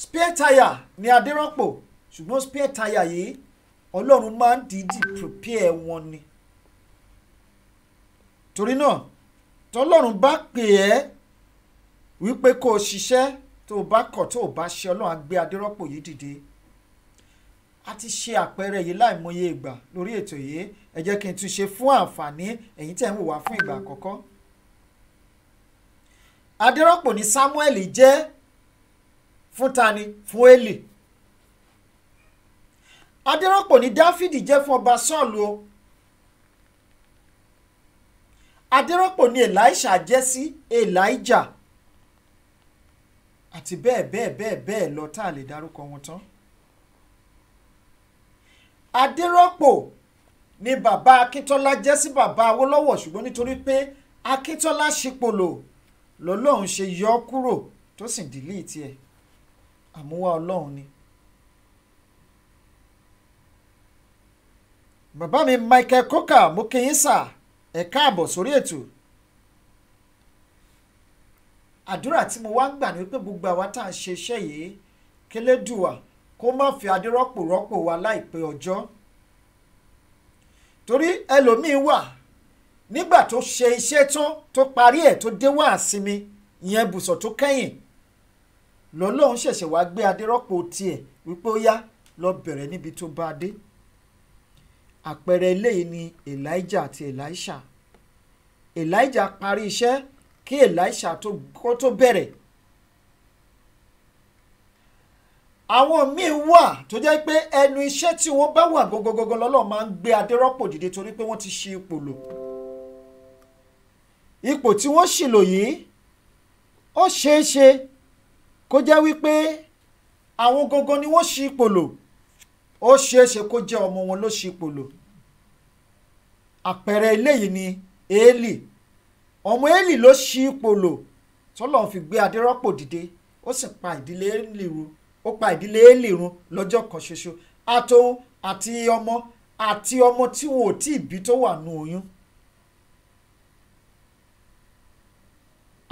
spare tire ni adérọ́pò ṣùgbọ́n spare tire yìí ọlọ́run máa ń dìídì prepare wọn ni torí náà tọ́lọ́run bá pè ẹ́ wípé kó o ṣiṣẹ́ tó o bá kọ̀ tó o bá ṣe ọlọ́run á gbé adérọ́pò yìí dìde a ti ṣe àpẹẹrẹ yìí láìmọye ìgbà lórí ètò yìí ẹ jẹ́ kí n tún ṣe fún àǹfààní ẹ̀yin tẹ̀ ń wò wá fún ìgbà àkọ́kọ́ adérọ́pò ni Samuel jẹ́ fún tani fún eli adérọ́pò ní dáfídì jẹ́ fún ọba sọ́ọ̀lù o adérọ́pò ní elisha jẹ́ sí elijah àti bẹ́ẹ̀ bẹ́ẹ̀ bẹ́ẹ̀ bẹ́ẹ̀ lọ tá a lè dárúkọ wọn tán adérọ́pò ni bàbá akíntọ́lá jẹ́ sí bàbá awólọ́wọ̀ ṣùgbọ́n nítorí pé akíntọ́lá ṣipòlò lọ́lọ́run ṣe yọ ọ́ kúrò tó sì dìlì tiẹ̀. E àmúwá ọlọ́run ni. bàbá mi Michael Coker mo kí yín sà ẹ káàbọ̀ sórí ètò àdúrà tí mo wá ń gbà ní pé gbogbo àwa tá à ń ṣe iṣẹ́ yìí kélédùà kó má fi adérọ́pò rọ́pò wa láìpẹ́ ọjọ́ torí ẹlòmíín wà nígbà tó ṣe iṣẹ́ tán tó parí ẹ̀ tó dé wá àsinmi ìyẹn bùsọ̀ tó kẹ́yìn lọ́lọ́run ṣẹ̀ṣẹ̀ wá gbé adé rọ́pò tiẹ̀ wípé ó yá lọ bẹ̀rẹ̀ níbi tó bá dé àpẹẹrẹ eléyìí ni elijah àti elisha elijah parí iṣẹ́ kí elisha kó tó bẹ̀rẹ̀ àwọn míì wà tó jẹ́ pé ẹnu iṣẹ́ tí wọ́n bá wà gọ́gọ́gọ́gọ́ lọ́lọ́ máa ń gbé adé rọ́pò dìde torí pé wọ́n ti ṣi ipò lò ipò tí wọ́n ṣì lò yìí ó ṣeé kó jẹ́ wípé àwọn gangan ni wọ́n ṣí ipò lò ó ṣeéṣe kó jẹ́ ọmọ wọn ló ṣí ipò lò àpẹẹrẹ eléyìí ni Élì ọmọ Élì ló ṣí ipò lò tọ́lọ́run fi gbé adérọ́pò dìde ó sì pa ìdílé Élì run ó pa ìdílé Élì run lọ́jọ́ kan ṣoṣo àtòun àti ọmọ àti ọmọ tí wọn ò tí ì tó wà nù oyún.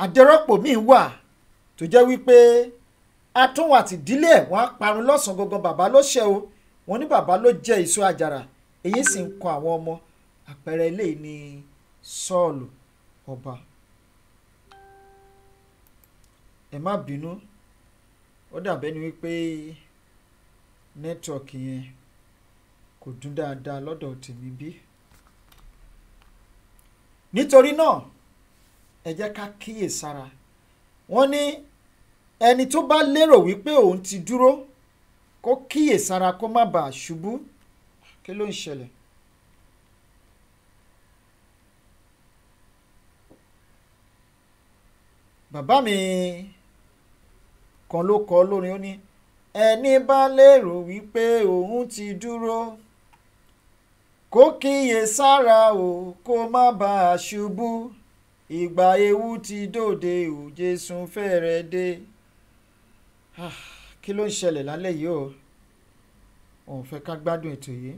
adérọ́pò míì wà tó jẹ́ wípé atún àti ìdílé ẹ̀ wọ́n á parun lọ́sàn gangan bàbá ló ṣe o wọ́n ní bàbá ló jẹ èso àjàrà èyí sì ń kan àwọn ọmọ àpẹẹrẹ eléyìí ni Sọ́ọ̀lù ọba ẹ má bínú ó dàbẹ́ ni wípé nẹ́tíwọ̀kì yẹn kò dún dáadáa lọ́dọ̀ tèmi bí. nítorí náà ẹ jẹ́ ká kíyè sára wọ́n ní ẹni tó bá lérò wípé òun ti dúró kó kíyèsára kó má bàa ṣubú kí ló ń ṣẹlẹ̀. bàbá mi kan ló kọ lórin ó ní ẹni bá lérò wípé òun ti dúró kó kíyèsára o kó má bàa ṣubú ìgbà ewu ti dòde o fẹ́rẹ̀ dé. Ah, kí ló ń ṣẹlẹ̀ lálẹ́ yìí o òun fẹ́ ká gbádùn ètò yìí.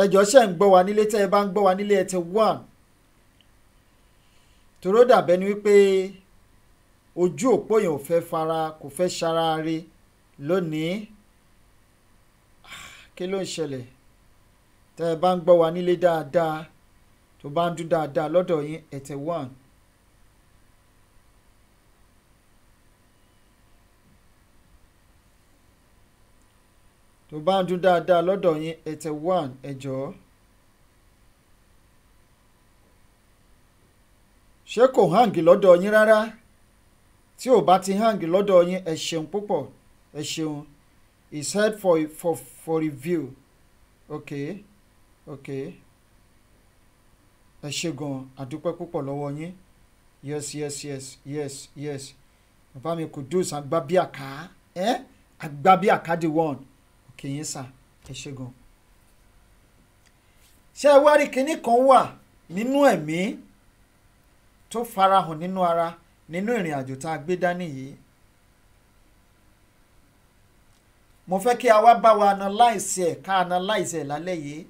ẹ jọ̀ọ́ ṣe ń gbọ́ wa nílé tẹ́ ẹ bá ń gbọ́ wa nílé ẹ ti wà tòró dàbẹ́ ni wípé ojú òpó yẹn ò fẹ́ fara kò fẹ́ ṣara rí lónìí ah, kí ló ń ṣẹlẹ̀ tẹ́ ẹ bá ń gbọ́ wa nílé dáadáa tó bá ń dún dáadáa lọ́dọ̀ yín ẹ̀tẹ̀ one tó bá ń dún dáadáa lọ́dọ̀ yín ẹ tẹ one ẹ jọ̀ọ́. ṣé kò hàǹgì lọ́dọ̀ yín rárá tí ò bá ti hàǹgì lọ́dọ̀ yín ẹ ṣeun púpọ̀ ẹ ṣeun is head for for for review okay okay ẹ ṣe gan àdúpẹ́ púpọ̀ lọ́wọ́ yín yes yes yes yes yes bàbá mi kò dùn sàn gbá bí àká ẹ àgbá bí àká the one kì í sàn ẹ ṣe gan. ṣé ẹ wá rí kinní kan wà nínú ẹ̀mí tó farahàn nínú ara nínú ìrìn àjò tá a gbé dání yìí mo fẹ́ kí a wá bá wa analyze ẹ̀ ká analyze ẹ̀ lálẹ́ yìí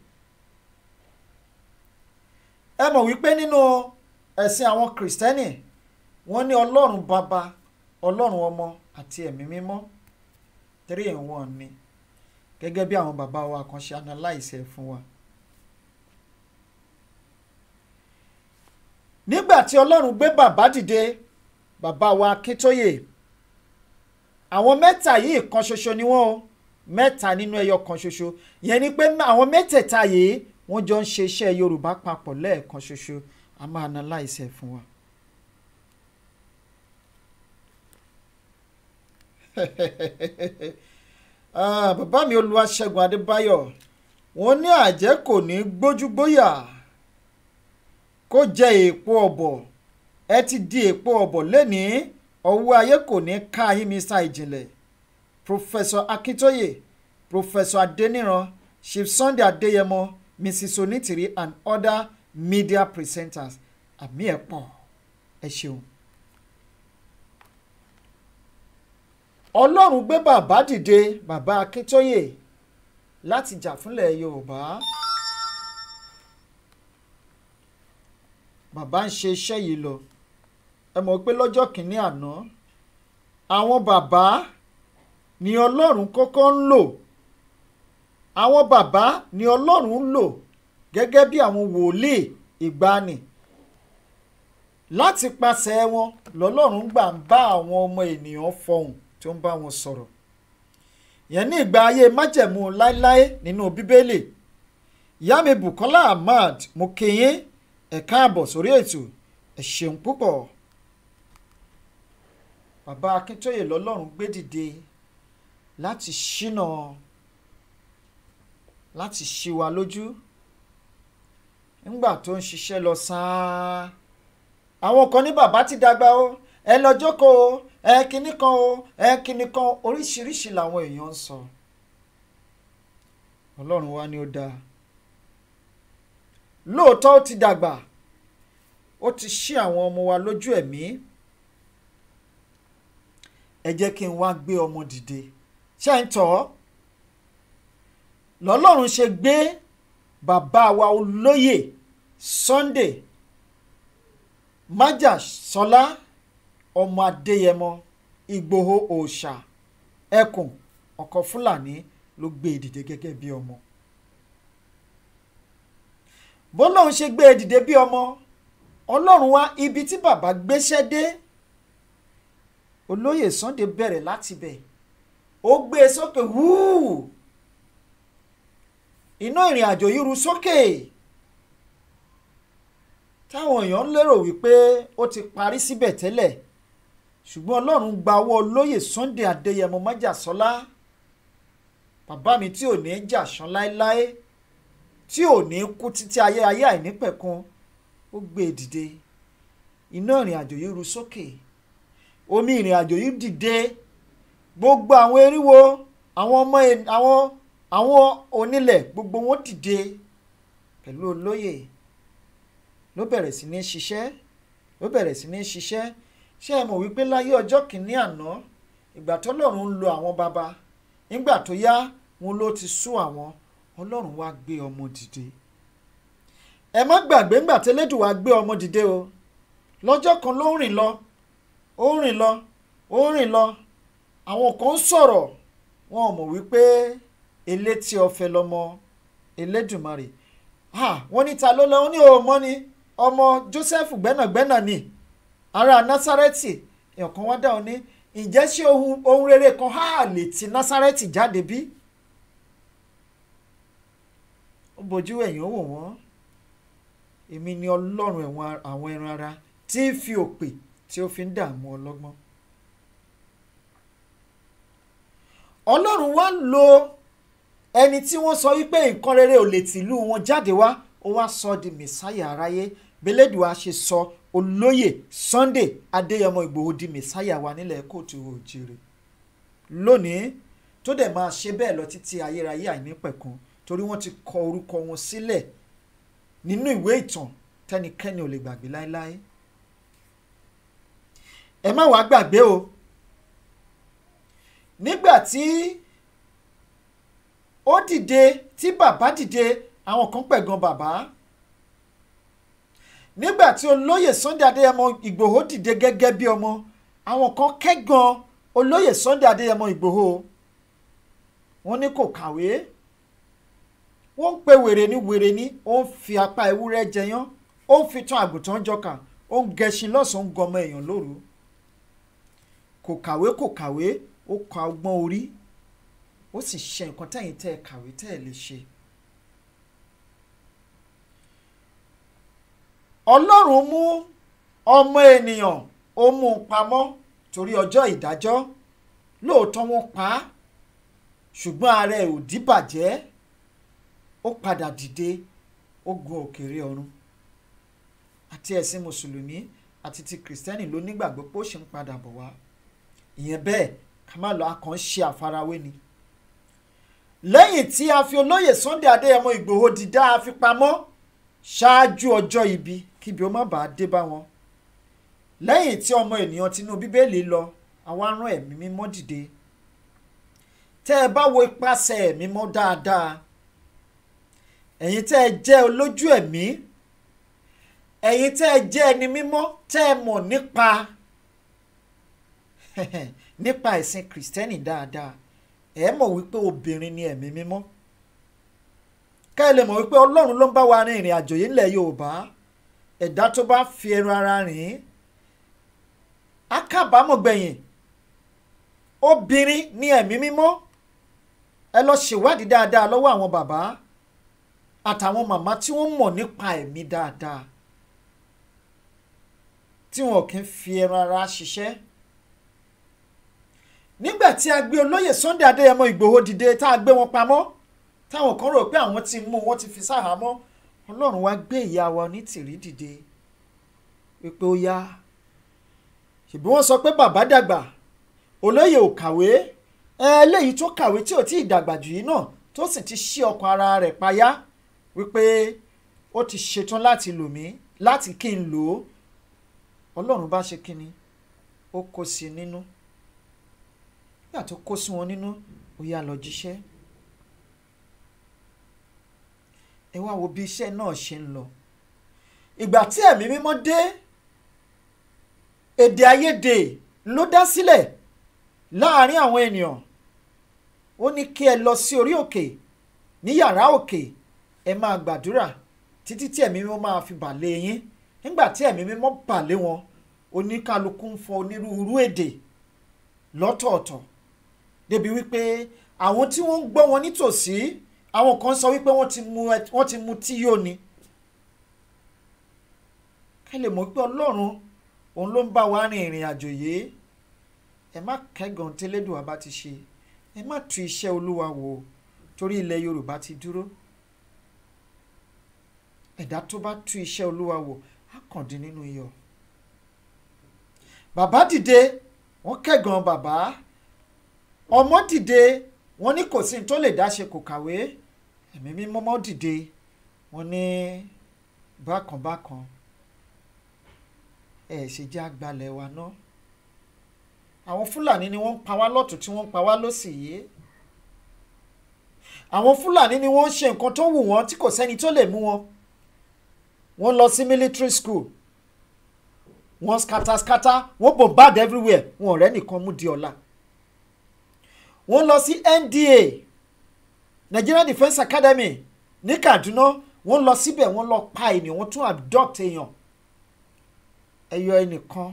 ẹ mọ̀ wípé nínú ẹ̀sìn àwọn kìrìsìtẹ́nì wọ́n ní ọlọ́run bàbá ọlọ́run ọmọ àti ẹ̀mí mímọ́ three in one ni gẹ́gẹ́ bí àwọn bàbá wa kan ṣe analyse ẹ̀ fún wa. nígbà tí ọlọ́run gbé bàbá dìde bàbá wa Akíntóyè àwọn mẹ́ta yìí kan ṣoṣo ni wọ́n o mẹ́ta nínú ẹyọ kan ṣoṣo yẹn ni pé àwọn mẹ́tẹ̀ẹ̀ta yìí wọ́n jọ ń ṣe iṣẹ́ Yorùbá papọ̀ lẹ́ẹ̀kan ṣoṣo a máa analyse ẹ̀ fún wa. Hehehehe Ah, bàbá mi olúwaṣẹ́gun adébáyọ̀ wọ́n ní àjẹ́ kò ní gbójúgbóyà kó jẹ èèpo ọ̀bọ̀ ẹ ti di èèpo ọ̀bọ̀ lẹ́nìí ọwọ́ ayé kò ní ká yín mr ìjìnlẹ̀ professor akintoye professor adeniran chief sunday adeyemo mrs onitiri and other media presenters àmì ẹ̀ pọ̀ ẹ ṣeun. ọlọ́run gbé bàbá dìde bàbá akíntóyè láti jà fúnlẹ̀ yorùbá bàbá ń ṣe iṣẹ́ yìí lọ ẹ mọ̀ pé lọ́jọ́ kìíní àná àwọn bàbá ni ọlọ́run kọ́kọ́ ń lò àwọn bàbá ni ọlọ́run ń lò gẹ́gẹ́ bí àwọn wòlíì ìgbani láti pàṣẹ wọn lọ́lọ́run gbà ń bá àwọn ọmọ ènìyàn fọhùn tó ń bá wọn sọ̀rọ̀ yẹn ní ìgbà ayé májẹ̀mú láéláé nínú bíbélì ìyá mi Bùkọ́lá Ahmad mo kí yín ẹ káàbọ̀ sórí ètò ẹ ṣeun púpọ̀ bàbá Akíntóyè lọ́lọ́run gbé dìde láti ṣínà láti ṣí wa lójú nígbà tó ń ṣiṣẹ́ lọ sáá àwọn kan ní bàbá ti dàgbà o ẹ lọ jókòó ẹ kinní kan o ẹ kinní kan oríṣiríṣi làwọn èèyàn ń sọ ọlọ́run wa ni ó dáa lóòótọ́ ó ti dàgbà ó ti ṣí àwọn ọmọ wa lójú ẹ̀mí ẹ jẹ́ kí n wá gbé ọmọ dìde ṣé ń tọ́ lọ́lọ́run ṣe gbé bàbá wa olóyè Sunday májà sọlá. So ọmọ adéyẹmọ igboho òòṣà ẹkùn ọkọ fúlàní ló gbé e dìde gẹ́gẹ́ bí ọmọ bó lóun ṣe gbé e dìde bí ọmọ ọlọ́run wá ibi tí bàbá gbéṣẹ́ dé olóyè Sunday bẹ̀rẹ̀ láti bẹ̀ ó gbé e sókè wúù iná ìrìn àjò yìí ru sókè táwọn èèyàn lérò wípé ó ti parí síbẹ̀ tẹ́lẹ̀ ṣùgbọ́n ọlọ́run gba ọwọ́ olóyè Sunday Adéyẹmọ májàsọ́lá bàbá mi tí ò ní jà ṣán láéláé tí ò ní kú títí ayé ayé àìnípẹ̀kun ó gbé e dìde iná ìrìn àjò yìí ru sókè omi ìrìn àjò yìí dìde gbogbo àwọn eriwo àwọn ọmọ àwọn àwọn onílẹ̀ gbogbo wọn dìde pẹ̀lú olóyè ló bẹ̀rẹ̀ sí ní ṣiṣẹ́ ló bẹ̀rẹ̀ sí ní ṣiṣẹ́ ṣé ẹ mọ̀ wípé láyé ọjọ́ kìíní àná ìgbà tọ́lọ́run ń lo àwọn baba nígbà tó yá wọn ló ti sú àwọn ọlọ́run wá gbé ọmọ dìde ẹ má gbàgbé ńgbà tẹ́lẹ́dù wá gbé ọmọ dìde o lọ́jọ́ kan ló ń rìn lọ ó ń rìn lọ ó ń rìn lọ àwọn kan ń sọ̀rọ̀ wọn ò mọ̀ wípé elétí ọ̀fẹ́ lọmọ Elédùmarè wọ́n ní ta ló lọ wọ́n ní òun ni ọmọ Joseph gbẹ́nàgbẹ́nà ni. Ara násárẹ́tì ẹ̀kan wá dáhùn ní ǹjẹ́ ṣé ohun rere kan há lè ti násárẹ́tì jáde bí? ó bojú ẹ̀yàn wò wọ́n èmi ni ọlọ́run àwọn ẹran ara tí ń fi òpè tí ó fi ń dààmú ọlọ́gbọ́n. ọlọ́run wá lo ẹni tí wọ́n sọ wípé nǹkan rere ò lè tìlú wọn jáde wá ó wá sọ di mẹ̀sáyà aráyé bẹ́lẹ́dùá ṣe sọ olóyè Sunday Adéyẹmọ Ìgbòho di mẹsáyà wa nílẹ̀ kóòtù òjìrè lónìí tó dẹ̀ máa ṣe bẹ́ẹ̀ lọ títí ayérayé àìnípẹ̀kun torí wọ́n ti kọ orúkọ wọn sílẹ̀ nínú ìwé ìtàn tẹ́nikẹ́ni ò lè gbàgbé láéláé ẹ má wàá gbàgbé o nígbà tí ó dìde tí bàbá dìde àwọn kan pẹ̀gàn bàbá nígbà tí olóyè Sunday Adéyẹmọ Ìgbòho dìde gẹ́gẹ́ bí ọmọ àwọn kan kẹ́gàn olóyè Sunday Adéyẹmọ Ìgbòho wọ́n ní kò kàwé wọ́n ń pe wèrè ní wèrè ní ó ń fi apá ewúrẹ́ jẹyán ó ń fi tún àgùntàn jọkà ó ń gẹṣin lọ́sàn-án ń gọmọ èèyàn lóru kò kàwé kò kàwé ó kọ ọgbọ́n orí ó sì ṣe nǹkan tẹ̀yìn tẹ́ kàwé tẹ́ lè ṣe. ọlọ́run mú ọmọ ènìyàn ó mú un pamọ́ torí ọjọ́ ìdájọ́ lóòótọ́ wọ́n pa á ṣùgbọ́n ara ẹ̀ ò díbàjẹ́ ó padà dìde ó gun òkèrè ọ̀run àti ẹ̀sìn mùsùlùmí àti ti kìrìsìtẹ́nì ló nígbàgbọ́ pé ó ṣe ń padà bọ̀ wá ìyẹn bẹ́ẹ̀ ká má lọ akàn ṣe àfarawé ni. lẹ́yìn tí a fi olóyè Sunday Adéyẹmọ Ìgbòho dìdá a fi pamọ́ ṣáájú ọjọ́ ibi kíbi ó má bàa dé bá wọn. lẹ́yìn tí ọmọ ènìyàn tinú bíbélì lọ àwa rán ẹ̀mí mímọ́ dìde. tẹ́ ẹ bá wo ipasẹ̀ ẹ̀mí mọ́ dáadáa ẹ̀yin tẹ́ ẹ jẹ́ olójú ẹ̀mí ẹ̀yin tẹ́ ẹ jẹ́ ẹni mímọ́ tẹ́ ẹ mọ̀ nípa nípa ẹ̀sìn kìrìsìtẹ́nì dáadáa ẹ mọ̀ wípé obìnrin ni ẹ̀mí mímọ́ ká ẹ lè mọ̀ wípé ọlọ́run ló ń bá wa rin ìrìn àjò yìí nílẹ̀ yorùbá ẹ̀dá tó bá fi ẹnu ara rìn á kábàámọ̀ gbẹ̀yìn obìnrin ni ẹ̀mí mímọ́ ẹ lọ ṣèwádìí dáadáa lọ́wọ́ àwọn bàbá àtàwọn màmá tí wọ́n mọ̀ nípa ẹ̀mí dáadáa tí wọn kì í fi ẹran ara ṣiṣẹ́ nígbà tí a gbé olóyè Sunday Adéyẹmọ Ìgbòho dìde tá a gbé wọn pamọ́ táwọn kan rò pé àwọn ti mú wọn ti fi sáhàámọ́ ọlọ́run wá gbé ìyá wa onítìrí dìde wípé ó yá ṣèbí wọ́n sọ pé bàbá dàgbà olóyè ò kàwé eléyìí tó kàwé tí ò tí ì dàgbà jù yìí náà tó sì ti ṣí ọkàn ara rẹ̀ payá wípé ó ti ṣetán láti lò mí láti kí n lò ó ọlọ́run bá ṣe kí ni ó kó sí i nínú nígbà tó kó sí wọn nínú ó yá lọ jíṣẹ́. ẹ wá wo bí iṣẹ́ náà ṣe ń lọ ìgbà tí ẹ̀mí mímọ́ dé èdè àìyedè ló dá sílẹ̀ láàárín àwọn ènìyàn ó ní kí ẹ lọ sí orí òkè ní yàrá òkè ẹ máa gbàdúrà títí tí ẹ̀mí mímọ́ máa fi bà lé yín nígbà tí ẹ̀mí mímọ́ bà lé wọn oníkálukú ń fọ onírúurú èdè lọ́tọ̀ọ̀tọ̀ débi wípé àwọn tí wọ́n ń gbọ́ wọn nítòsí àwọn kan sọ wípé wọ́n ti mu tí yóò ní ká lè mọ̀ pé ọlọ́run òun ló ń bá wa rin ìrìn àjò yìí ẹ má kẹ́gàn tẹ́lẹ́dùn àbá ti ṣe ẹ má tu iṣẹ́ olúwa wò torí ilẹ̀ yorùbá ti dúró ẹ̀dá tó bá tu iṣẹ́ olúwa wò á kàn dín nínú iyọ̀ bàbá dìde wọ́n kẹ́gàn bàbá ọmọ dìde wọ́n ní kò sí ní tó lè dá ṣe kò kàwé ẹ̀mí mímọ́ dìde wọ́n ní bákan bákan ẹ̀ ṣe jẹ́ àgbàlẹ̀ wa náà àwọn fúlàní ni wọ́n ń pa wá lọ́tún tí wọ́n ń pa wá lọ́sì yìí àwọn fúlàní ni wọ́n ń ṣe nǹkan tó wù wọ́n tí kò sẹ́ni tó lè mú wọn wọ́n lọ sí military school wọ́n scatter scatter wọ́n bad everywhere wọn ọ̀rẹ́ nìkan mú di ọ̀la wọ́n lọ sí NDA Nigerian Defence Academy ní Kaduna wọ́n lọ síbẹ̀ wọ́n lọ pa ènìyàn wọ́n tún abduct èèyàn ẹ̀yọ ẹnìkan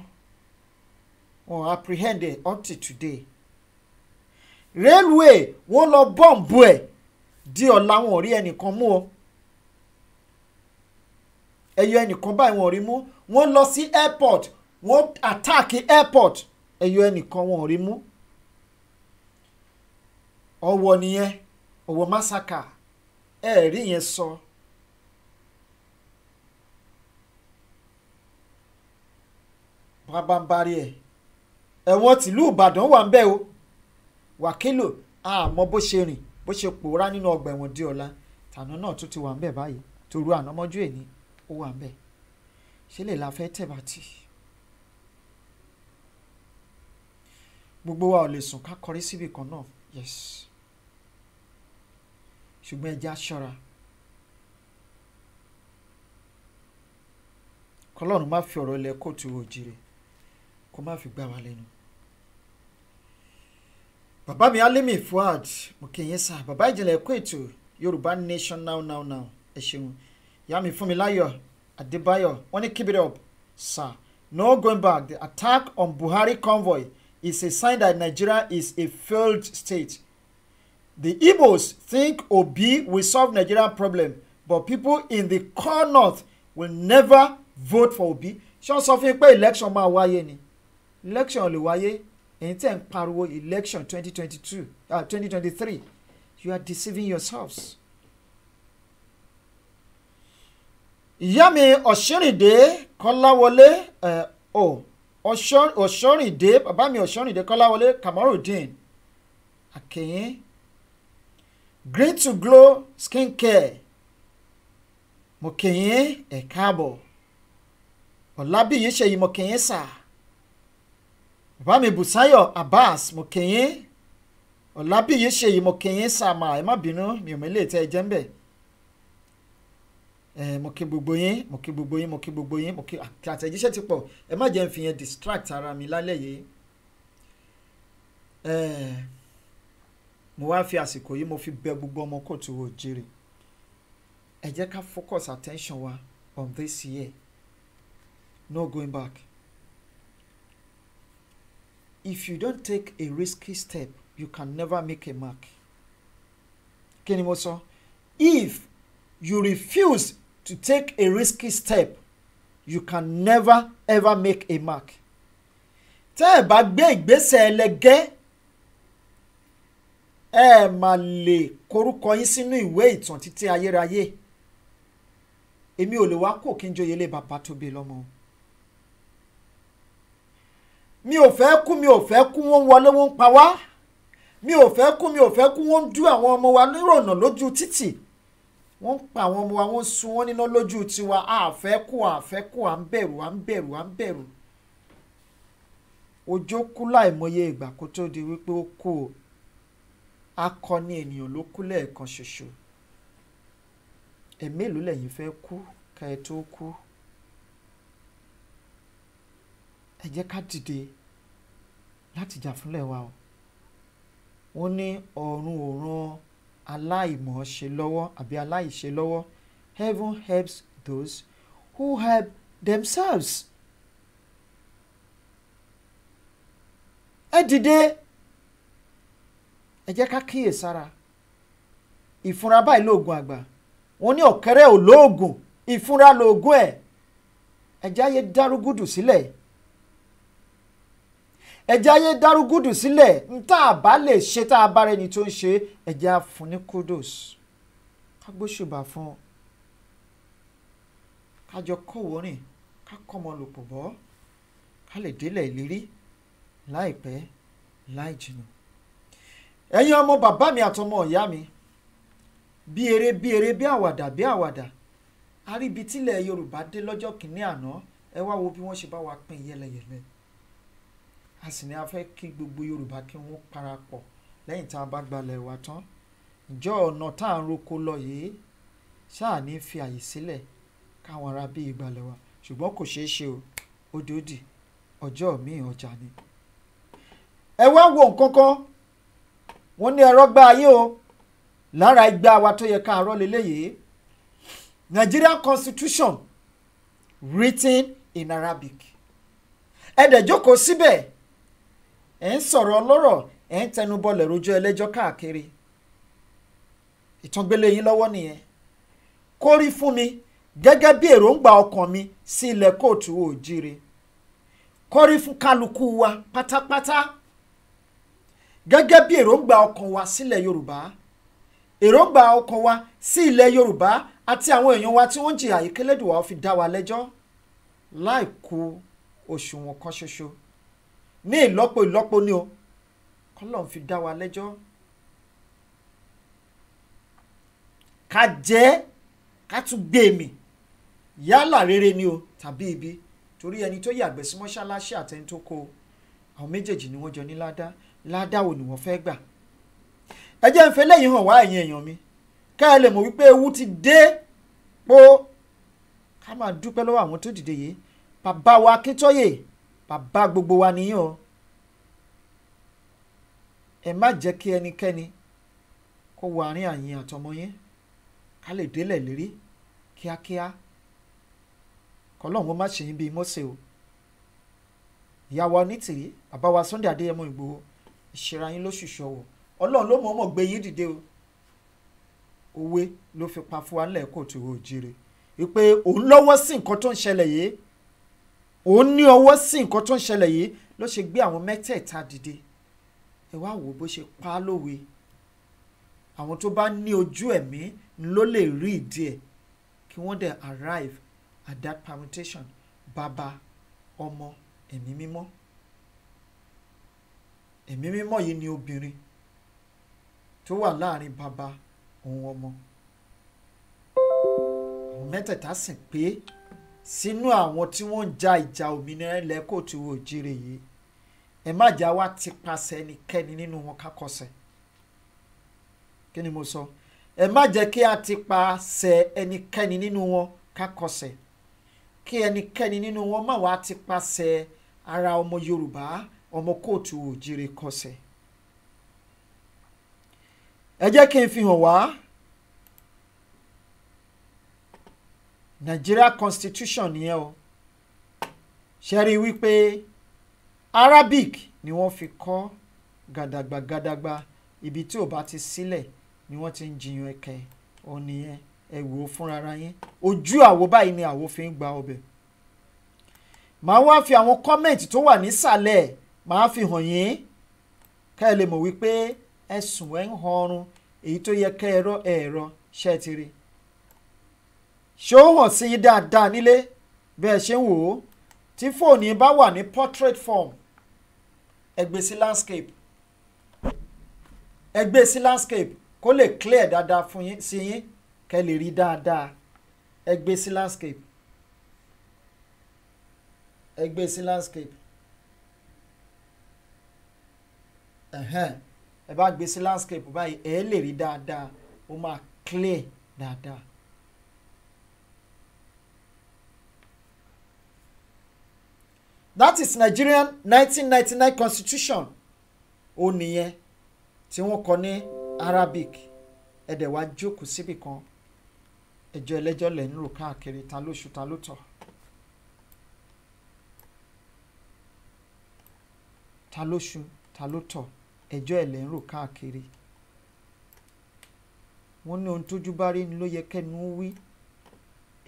wọ́n apprehend it until today railway wọ́n lọ bọ́ǹbù ẹ̀ di ọ̀la wọn ò rí ẹnìkan mú o ẹ̀yọ ẹnìkan báyìí wọn ò rí mú wọ́n lọ sí airport wọ́n attack airport ẹ̀yọ ẹnìkan wọn ò rí mú ọwọ́ nìyẹn ọ̀wọ̀ masaka ẹ̀ẹ́rí yẹn sọ. pabambari ẹ̀ ẹ̀wọ̀n tìlú ìbàdàn wà ń bẹ̀ o wákìlò àmọ́ bó ṣe rìn bó ṣe pòórá nínú ọgbà ẹ̀wọ̀n di ọ̀la tànà náà tún ti wà ń bẹ̀ báyìí toru ànámọ́jú èní ó wà ń bẹ̀ ṣe lè la fẹ́ tẹ̀bà gbogbo wa ò lè sùn ká kọrí síbì kan náà yes ṣùgbọ́n ẹja ṣọ́ra kọlọ́run má fi ọ̀rọ̀ ilẹ̀ kóòtù òjìrè kó má fi gbá wa lẹ́nu. bàbá mi Alimi Fuad mo kì í yín sá bàbá ìjìnlẹ̀ ẹ̀kọ́ ètò Yorùbá Nation now now now ẹ ṣeun ìyá mi Fúnmiláyọ̀ Adébáyọ̀ wọ́n ní keep it up sir no going back the attack on Buhari convoy is a sign that Nigeria is a failed state The Igbos think Obi will solve Nigeria problem, but people in the core north will never vote for Obi. Ṣé wọ́n sọ fún yín pé election máa wáyé ni? Election lè wáyé ẹ̀yin tẹ̀ ń pariwo election twenty twenty two twenty twenty three you are deceiving yourselves. ìyá mi ọ̀ṣọ́rìndé kọ́láwọlé ọ̀ ọ̀ṣọ́rìndé bàbá mi ọ̀ṣọ́rìndé kọ́láwọlé Kamarudeen akẹ́yìn. Okay green to glow skincare mo kí yín ẹ káàbọ̀ ọlábìyí ṣèyí mo kí yín sà bàbá mi bùsáyọ̀ abbas mo kí yín ọlábìyí ṣèyí mo kí yín sà mà ẹ má bínú mi ò mí lè tẹ ẹ jẹ́ ń bẹ̀ ẹ mo kí gbogbo yín mo kí gbogbo yín mo kí gbogbo yín mo kí àtẹ̀jíṣẹ́ ti pọ̀ ẹ má jẹ́ ń fi yẹn distract ara mi lálẹ́ yìí. Eh, mo wá fi àsìkò yìí mo fi bẹ gbogbo ọmọ kóòtù òjèrè ẹ jẹ́ ká focus attention wa on this year no going back if you don't take a risky step you can never make a mark kí ni mo sọ if you refuse to take a risky step you can never ever make a mark tẹ́ ẹ bá gbé ìgbésẹ̀ ẹlẹgẹ́ ẹ mà lè korúkọ yín sínú ìwé ìtàn títí ayérayé èmi ò lè wá kò kí n joyè lé bàbá tó bí lọ́mọ mi ò fẹ́ kú mi ò fẹ́ kú wọ́n ń wọlé wọ́n ń pa wá mi ò fẹ́ kú mi ò fẹ́ kú wọ́n dú àwọn ọmọ wa nírònà lójú títì wọ́n ń pa àwọn ọmọ wa wọ́n sun wọ́n níná lójú tiwa a fẹ́ kú a fẹ́ kú à ń bẹ̀rù à ń bẹ̀rù à ń bẹ̀rù ọjọ́ kú láìmọye ìgbà kó tó di wípé ó kú o akọni ènìyàn ló kú lẹ́ẹ̀kan ṣoṣo ẹ̀mélòó lẹ́yìn fẹ́ kú ká ẹ tó kú ẹ jẹ́ ká dìde láti jà fúnlẹ̀ wa o wọ́n ní ọ̀run ò ran aláìmọ̀ ṣe lọ́wọ́ àbí aláìṣe lọ́wọ́ heaven helps those who help themselves ẹ dìde ẹ jẹ́ ká kíyè sára ìfúnra báyìí lóògùn àgbà wọ́n ní ọ̀kẹ́rẹ́ ò lóògùn ìfúnra lóògùn ẹ̀ ẹ jẹ́ ayé dárúgùdù sílẹ̀ ẹ jẹ́ ayé dárúgùdù sílẹ̀ ń tá a bá lè ṣe tá a bá rẹni tó ń ṣe ẹ jẹ́ ní kudos ká gbóṣùbà fún un ká jọ kọ̀wọ́ rìn ká kọ́mọ lòpọ̀ bọ́ ká lè délẹ̀ ìlérí láìpẹ́ láì jìnnà ẹ̀yin ọmọ bàbá mi àtọmọ ìyá mi bí eré bí eré bí àwàdà bí àwàdà àríbi tílẹ̀ Yorùbá dé lọ́jọ́ kìíní àná ẹ wá wo bí wọ́n ṣe bá wa pín yẹlẹyẹlẹ a sì ní a fẹ́ kí gbogbo Yorùbá kí wọ́n parapọ̀ lẹ́yìn tá a bá gbalẹ̀ wa tán ìjọ ọ̀nà tá à ń roko lọ yìí ṣáà ní fi àyè sílẹ̀ káwọn ará bí ìgbàlẹ̀ wa ṣùgbọ́n kò ṣeé ṣe o ó dòdì ọjọ́ mi ọjà ni. ẹ wá wo nǹkan kan wọ́n ní ẹ̀rọ gba ayé o lára igba wa tó yẹ ká àárọ̀ lélẹ́yìí Nigerian constitution written in Arabic ẹ̀dẹ̀ jókòó síbẹ̀ ẹ̀ ń sọ̀rọ̀ ọlọ́rọ̀ ẹ̀ ń tẹnubọlẹ̀ rojọ́ ẹlẹ́jọ́ káàkiri ìtọ́gbélé yín lọ́wọ́ nìyẹn kó rí fún mi gẹ́gẹ́ bí èròǹgbà ọkàn mi sí ilẹ̀ kóòtù òjire kó rí fún kálukú wa pátápátá. Pata, pata gẹ́gẹ́ bí èròǹgbà ọkàn wa sílẹ̀ Yorùbá èròǹgbà ọkàn wa sí ilẹ̀ Yorùbá àti àwọn èèyàn wa tí wọ́n ń jìyà ìkélédùwà fi dá wa lẹ́jọ́ láì kù òṣùwọ̀n kan ṣoṣo ní ìlọ́po ìlọ́po ni o kọ́lọ̀ ń fi dá wa lẹ́jọ́ ká jẹ́ ká tún gbé mì yálà rere ni o tàbí ibi torí ẹni tó yàgbẹ́ sí mọ́ṣáláṣí àtẹni tó kó o àwọn méjèèjì ni wọ́n jọ ní ládàá ládàwò ni wọ́n fẹ́ gbà ẹ jẹ́ ń fẹ́ lẹ́yìn hàn wá ẹ̀yin èèyàn mi ká ẹ lè mọ̀ wípé ewu ti dé pó ká máa dúpẹ́ lọ́wọ́ àwọn tó dìde yìí bàbá wa Akíntóyè bàbá gbogbo wa nìyí o ẹ má jẹ́ kí ẹnikẹ́ni kó wọ àárín àyìn àtọmọ yín ká lè délẹ̀ lérí kíákíá kọlọ́hún má ṣe yín bíi Mósè o ìyá wa Onítìrí bàbá wa Sunday Adéyẹmọ Ìgbòho ìṣera yín lóṣìṣọ́ wò ọlọ́run ló mọ̀ọ́mọ̀ gbé yín dìde o òwe ló fi pa fún wa lẹ́ẹ̀kọ́ tí o jíire wípé òun lọ́wọ́ sí nǹkan tó ń ṣẹlẹ̀ yìí òun ní ọwọ́ sí nǹkan tó ń ṣẹlẹ̀ yìí ló ṣe gbé àwọn mẹ́tẹ̀ẹ̀ta dìde ẹ wá wò bó ṣe pa á lówe àwọn tó bá ní ojú ẹ̀mí ló lè rí ìdí ẹ̀ kí wọ́n dẹ̀ arrive at that permutation bàbá ọmọ ẹ̀mí mímọ́ ẹ̀mí mímọ́ yìí ni obìnrin tó wà láàrin bàbá òun ọmọ àwọn mẹ́tẹ̀ẹ̀ta sì pé sínú àwọn tí wọ́n ń ja ìjà òmìnira ilẹ̀ kóòtù òjìrè yìí ẹ má jà wá ti pasẹ̀ ẹnikẹ́ni nínú wọn kákọsẹ̀ kí ni mo sọ ẹ má jẹ́ kí a ti pasẹ̀ ẹnikẹ́ni nínú wọn kákọsẹ̀ kí ẹnikẹ́ni nínú wọn má wá ti pasẹ̀ ara ọmọ Yorùbá ọmọ kóòtù òjìrè kọsẹ̀ ẹ jẹ́ kí n fi hàn wá Nigeria constitution nìyẹn o ṣe wípé Arabic ni wọ́n fi kọ́ gàdàgbà gàdàgbà ibi tí ò bá ti sílẹ̀ ni wọ́n ti ń jiyàn ẹ̀kẹ́ ọ̀nìyẹn ẹ ó fúnra yín ojú àwo báyìí ni àwo fi ń gba ọbẹ̀ màá wá fi àwọn kọ́mẹ̀ntì tó wà nísàlẹ̀ màá fi hàn yín ká ẹ lè mọ̀ wípé ẹ̀sùn ẹ̀ ń họrun èyí tó yẹ kẹ́ ẹ̀rọ ẹ̀rọ ṣe ti rí ṣé ó hàn sí yín dáadáa nílé bẹ́ẹ̀ ṣe ń wò ó tí fóònù yín bá wà ní portrait form ẹ sí landscape ẹ sí landscape kó lè clear dáadáa fún yín sí yín kẹ́ lè rí dáadáa ẹ sí landscape ẹ sí landscape. ẹ bá gbé sí landscape báyìí ẹ lè rí dáadáa ó máa clear dáadáa. that is Nigerian 1999 constitution ó nìyẹn tí wọ́n kọ ní Arabic ẹ dẹ̀ wá jókòó síbì kan ẹjọ́ ẹlẹ́jọ́ lẹ̀ ń rò káàkiri ta lóṣù ta ló tọ̀ ta lóṣù ta ló tọ̀ ẹjọ́ ẹ̀ lẹ́ ń rò káàkiri wọ́n ní ohun tójú bá rí ni ló yẹ kẹ́nu ó wí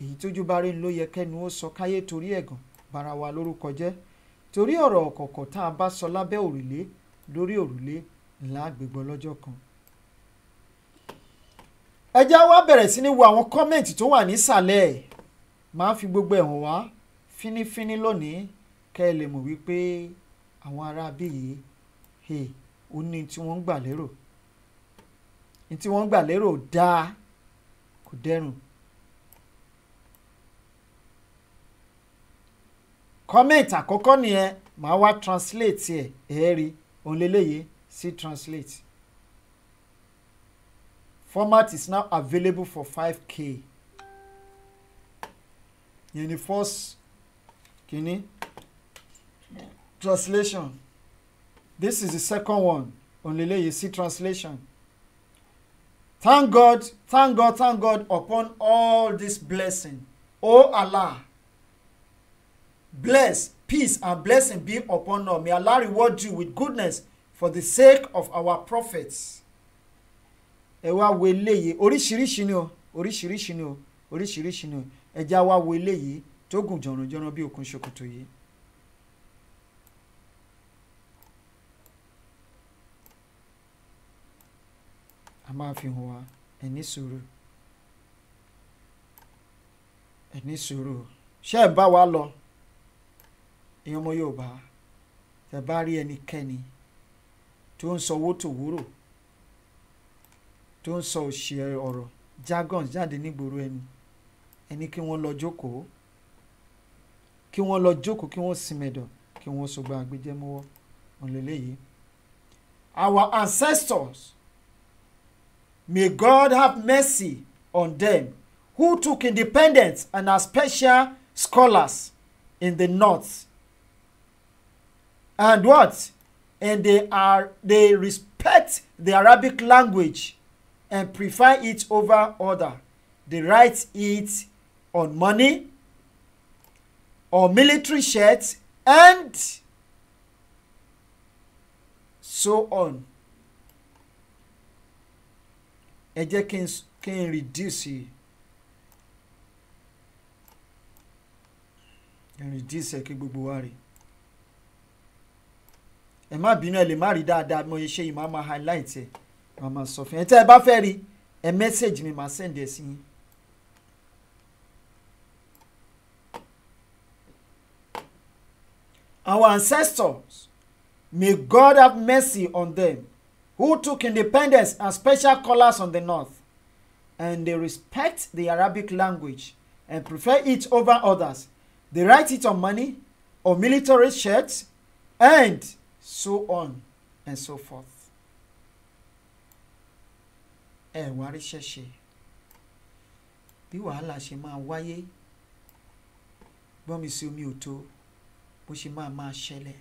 èyí tójú bá rí ni ló yẹ kẹ́nu ó sọ káyé torí ẹ̀gàn bara wa lórúkọ jẹ́ torí ọ̀rọ̀ ọ̀kọ̀ọ̀kọ̀ tá a bá sọ lábẹ́ òrùlé lórí òrùlé ńlá gbégbọ́ lọ́jọ́ kan. ẹ já bẹ̀rẹ̀ sí ni wo àwọn kọ́mẹ̀ntì tó wà nísàlẹ̀ ẹ̀ máa fi gbogbo ẹ̀hàn wá fínífíní lónìí kẹ́ ẹ lè mọ̀ wípé àwọn ará bí yìí ó ní tí wọ́n ń gbà lérò ní tí wọ́n ń gbà lérò dáa kò dẹrùn. comment àkọ́kọ́ nìyẹn màá wá translate ẹ̀ ẹ̀ rí òun lélẹ́yẹ sí translate. Format is now available for 5k. Yẹn ni first kìíní translation. This is the second one. Onlele you see translation. Thank God, thank God, thank God upon all this blessing. O Allah, bless, peace, and blessing be upon us. May Allah reward you with goodness for the sake of our prophets. Ẹ wá wo eléyìí oríṣiríṣi ni o oríṣiríṣi ni o oríṣiríṣi ni o ẹ já wá wo eléyìí tó gùn jọ̀rọ̀jọ̀rọ̀ bí okùn ṣòkòtò yìí. a máa fi hàn wá ẹ ní wa lọ ìyẹn ọmọ Yorùbá ẹ bá rí ẹnikẹ́ni tó ń sọ owó tòwúrò tó ń sọ òṣì ọ̀rọ̀ jargon jáde nígboro ẹni kí wọ́n lọ jókòó kí wọ́n lọ jókòó kí wọ́n sinmẹ̀dọ̀ kí wọ́n sọgbà àgbéjẹ́mọ́wọ́ òǹlẹ̀lẹ́yìí our ancestors May God have mercy on them who took independence and are special scholars in the north. And what? And they are they respect the Arabic language and prefer it over other. They write it on money or military shirts and so on. ẹ jẹ́ kí n reduce reduce ẹ kí gbogbo wa rí ẹ má bínú ẹ lè má rí dáadáa mo ṣe yìí máa ma highlight ẹ máa ma sọ fún ẹ tẹ́ ẹ bá fẹ́ rí ẹ message mi máa send ẹ sí yín. Our ancestors, may God have mercy on them who took independence and special colors on the north, and they respect the Arabic language and prefer it over others. They write it on money, or military shirts, and so on and so forth. ẹ̀wọ̀n aríṣẹ́ṣe bí wàhálà ṣe máa wáyé gbọ́n mi sí omi ò tó bó ṣe máa máa ṣẹlẹ̀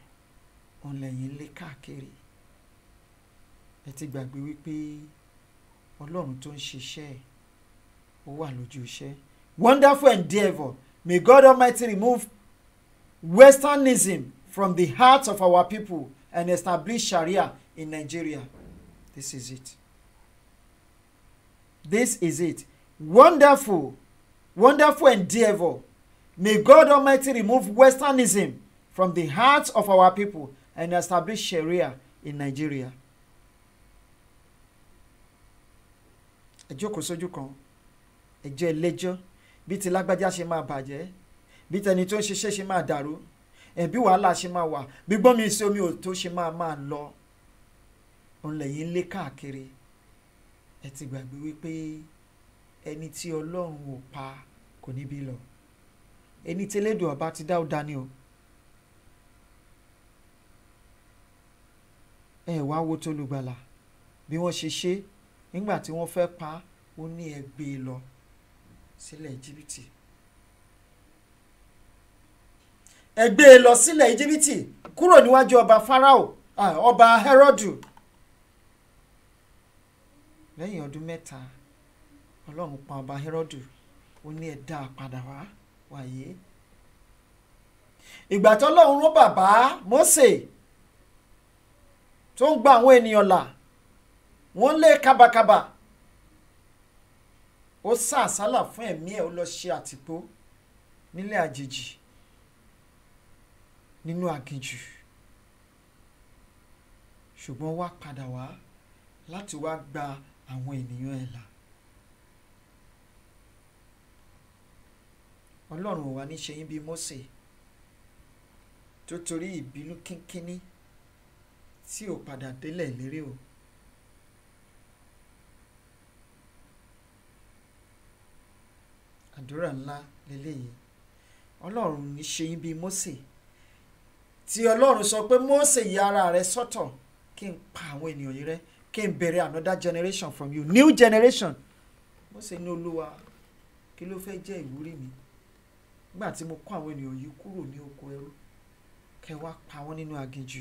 òun lé káàkiri ẹ ti gbàgbé wípé ọlọ́run tó ń ṣiṣẹ́ ó wà lójú iṣẹ́ wonderful endeavour may God Almighty remove westernism from the hearts of our people and establish Sharia in Nigeria this is it this is it wonderful wonderful endeavour may God Almighty remove westernism from the hearts of our people and establish Sharia in Nigeria. ẹ jókòó sójú kan ẹjọ́ ẹlẹ́jọ́ bí ti lágbájá ṣe máa bàjẹ́ bí tẹni tó ń ṣiṣẹ́ ṣe máa dàrú ẹ̀bí wàhálà ṣe máa wà bí gbọ́n mi sí omi òtó ṣe máa máa lọ òun lẹ́yìn lé káàkiri ẹ ti gbàgbé wípé ẹni tí ọlọ́run ò pa kò níbi lọ ẹni tí elédùn ọba ti dá ó dání o ẹ wá wo tólùgbàlà bí wọ́n ṣe ṣe nígbà tí wọ́n fẹ́ pa á ó ní ẹ gbé e lọ sílẹ̀ íjíbítì ẹ gbé e lọ sílẹ̀ íjíbítì kúrò níwájú ọba Fáráò ọba Hẹ́rọ́dù lẹ́yìn ọdún mẹ́ta ọlọ́run pa ọba Hẹ́rọ́dù ó ní ẹ dá a padà wá wàyé ìgbà tó lọ́run rán bàbá Mósè tó ń gba àwọn ènìyàn là wọ́n lé kábàkábà ó sá àsálà fún ẹ̀mí ẹ̀ ó lọ ṣe àtìpó nílé àjèjì nínú aginjù ṣùgbọ́n wá padà wá láti wá gba àwọn ènìyàn ẹ̀ là. ọlọ́run ò wá ní ṣe yín bíi Mósè tó torí ìbínú kínkínní tí ò padà délẹ̀ lérè o. àdúrà ńlá lélẹ́yìí ọlọ́run ní ṣe yín bíi Mósè tí ọlọ́run sọ pé Mósè ya ara rẹ sọ́tọ̀ kí n pa àwọn ènìyàn yìí rẹ́ kí n bẹ̀rẹ̀ another generation from you new generation Mósè ní olúwa kí ló fẹ́ jẹ́ ìwúrí mi nígbà tí mo kó àwọn ènìyàn yìí kúrò ní oko ẹrú kẹ wá pa wọ́n nínú aginjù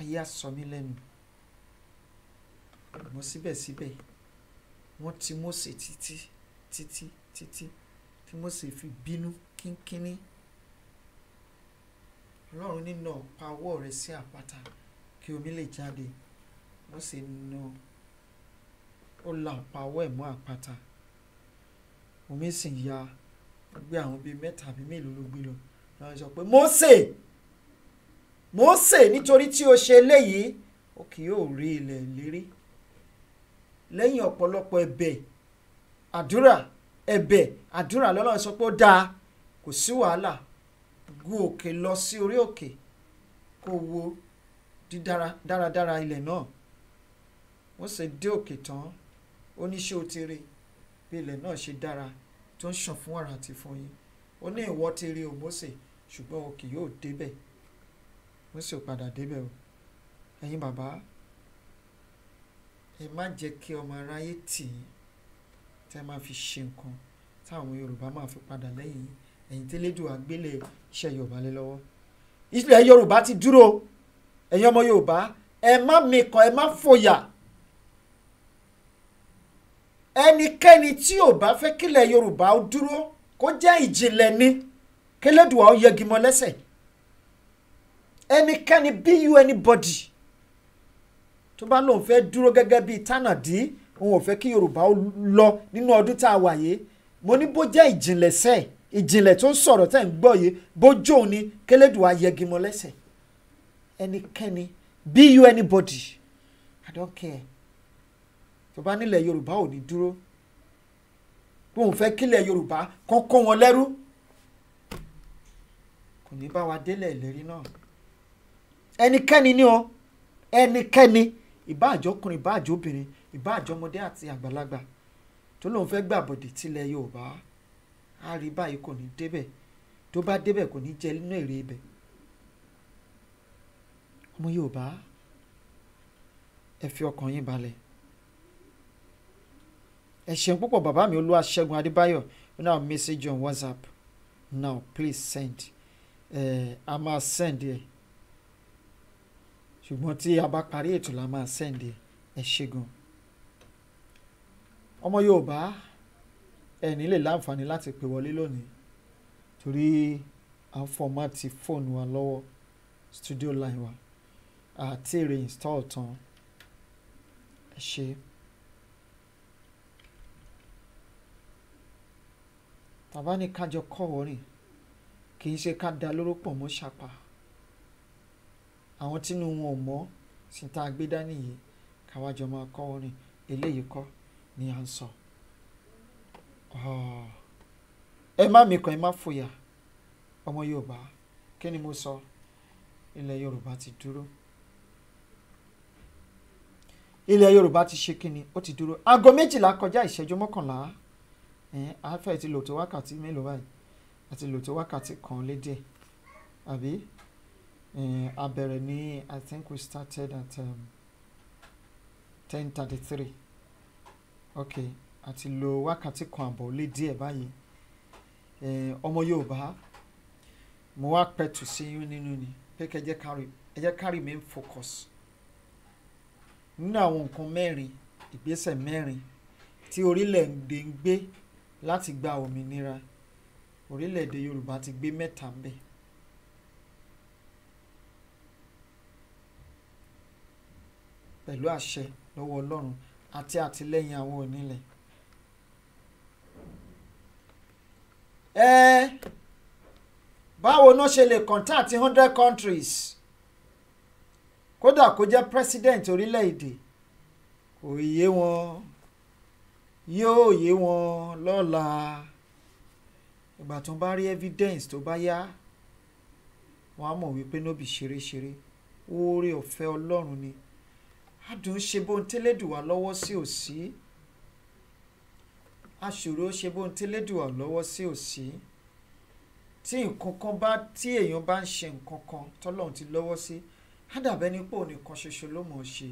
ayé á sọ mí lẹ́nu wọ́n ti Mósè títí títí títí tí Mósè fi bínú kínkínní ọlọ́run nínà pa ọwọ́ rẹ̀ sí àpáta kí omi lè jáde Mósè nà ó là pa ọwọ́ ẹ̀ mọ́ àpáta omi sì ya gbé àwọn bíi mẹ́ta àbí mélòó ló gbé lọ lọ́wọ́ sọ pé Mósè Mósè nítorí tí o ṣe eléyìí o kì yóò rí ilẹ̀ lérí lẹ́yìn ọ̀pọ̀lọpọ̀ ẹ̀bẹ̀ àdúrà ẹ̀bẹ̀ àdúrà lọ́lọ́run sọ pé ó dáa kò sí wàhálà gun òkè lọ sí orí òkè kó wo dídára dáradára ilẹ̀ náà wọ́n sì dé òkè tán ó ní ṣé o ti rí bí ilẹ̀ náà ṣe dára tó ń ṣàn fún wàrà àti fún yín ó ní ìwọ ti rí o Mósè ṣùgbọ́n o yóò débẹ̀ Mósè ò padà débẹ̀ o ẹ̀yin bàbá ẹ má jẹ́ kí ọmọ aráyé tì yín tẹ́ máa fi ṣe nǹkan táwọn Yorùbá máa fi padà lẹ́yìn yín ẹ̀yin tẹ́lẹ́dùn àgbélé iṣẹ́ Yorùbá lé lọ́wọ́ ilẹ̀ Yorùbá ti dúró ẹ̀yin ọmọ Yorùbá ẹ má mikàn ẹ má fòyà ẹnikẹ́ni tí ò bá fẹ́ kílẹ̀ Yorùbá ó dúró kó jẹ́ ìjìnlẹ̀ ni kẹlẹ́dùn ọ̀ yẹgimọ lẹ́sẹ̀ ẹnikẹ́ni bí you anybody tó bá lóun fẹ́ dúró gẹ́gẹ́ bíi tánàdí òun ò fẹ́ kí yorùbá ó lọ nínú ọdún tá a wà yìí mo ní bó jẹ́ ìjìnlẹ̀ sẹ́ ìjìnlẹ̀ tó ń sọ̀rọ̀ tẹ̀ ń gbọ́ yìí bójú òun ni kélédùá yẹgimọ lẹ́sẹ̀ ẹnikẹ́ni be you anybody i don't care tó bá nílẹ̀ yorùbá ò ní dúró bóun fẹ́ kílẹ̀ yorùbá kán kó wọn lẹ́rú kò ní bá wa délẹ̀ ìlérí náà ẹnikẹ́ni ni o ẹnikẹ́ni ìbá àjọkùnrin ìbá àjọbìnrin ìbá àjọmọdé àti àgbàlagbà tó lóun fẹ́ gbàbọ̀dé tilẹ̀ yorùbá á rí báyìí kò ní débẹ̀ tó bá débẹ̀ kò ní jẹ nínú èrè ibẹ̀ ọmọ yorùbá ẹ fi ọkàn yín balẹ̀ ẹ ṣeun púpọ̀ bàbá mi Olúwaṣẹ́gun Adébáyọ̀ now message on WhatsApp now please send uh, a máa send ẹ. Uh, ṣùgbọ́n tí a bá parí ètò la máa sẹ́ǹdẹ̀ e. ẹ̀ ṣe gan. ọmọ Yorùbá ẹni lè láǹfààní láti pè wọlé lónìí torí à ń fóònù wa lọ́wọ́ studio line wa àti èrè install tán ẹ ṣe. tàbá ní kájọ kọ́ ọ̀rìn kì í ṣe ká da lóró pọ̀ mọ́ ṣàpá àwọn tínú wọn ò mọ́ sí tá a gbé yìí káwájọ máa kọ́ orin eléyìí kọ́ ni à ń sọ. ẹ má mi kàn ẹ má fòyà ọmọ Yorùbá kí ni mo sọ ilẹ̀ Yorùbá ti dúró ilẹ̀ Yorùbá ti ṣe kí ni ó ti dúró aago méjìlá kọjá ìṣẹ́jú mọ́kànlá àáfẹ́ ti lò tó wákàtí mélòó báyìí àti lò tó wákàtí kan lédè àbí Eh, a bẹ̀rẹ̀ I think we started at um, ten thirty three okay ati lo wákàtí kan àbọ̀ lé bayi. báyìí eh, ọmọ Yorùbá mo wá pẹ̀tù sí yín nínú ni pé kẹ́ ẹ jẹ́ ká rí ẹ main focus nínú àwọn nǹkan mẹ́rin ìgbésẹ̀ mẹ́rin tí orílẹ̀-èdè ń gbé láti gba òmìnira orílẹ̀-èdè Yorùbá ti gbé mẹ́ta ń pẹ̀lú àṣẹ lọ́wọ́ Ọlọ́run àti àtìlẹ́yìn àwọn onílẹ̀. ẹ báwo náà ṣe lè contact hundred countries kódà kó jẹ́ president orílẹ̀-èdè kò yé wọn yóò yé wọn lọ́la ìgbà tó bá rí evidence tó bá yá wọn á mọ̀ wípé nóbì ṣeré ṣeré oore ọ̀fẹ́ Ọlọ́run ni adùn ṣe bóun tẹ́lẹ̀dùwà lọ́wọ́ sí òsì aṣòro ṣe bóun tẹ́lẹ̀dùwà lọ́wọ́ sí òsì tí nǹkan kan bá tí èèyàn bá ń ṣe nǹkan kan tọ́lọ́run ti lọ́wọ́ sí ádàbẹ́ ní pò nìkan ṣoṣo ló mọ̀ ọ́ ṣe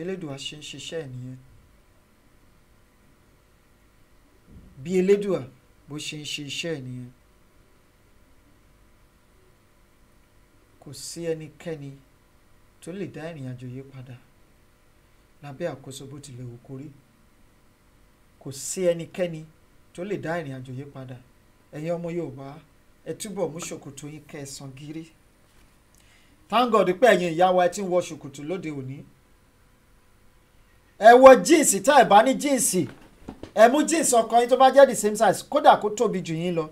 elédùà ṣe ń ṣiṣẹ́ nìyẹn bí elédùà bó ṣe ń ṣe iṣẹ́ nìyẹn kò sí ẹnikẹ́ni tó lè dá ìrìn àjò yìí padà lábẹ́ àkóso bó tilẹ̀ wù kó rí kò sí ẹnikẹ́ni tó lè dá ìrìn àjò yìí padà ẹ̀yin ọmọ Yorùbá ẹ túbọ̀ mú ṣòkòtò yín kẹsàn gírí thank God pé ẹ̀yin ìyá wa ti ń wọ ṣòkòtò lóde òní ẹ wọ jíǹsì tá ẹ bá ní jíǹsì ẹ mú jíǹsì ọkọ yín tó bá jẹ́ the same size kódà kó tóbi jù yín lọ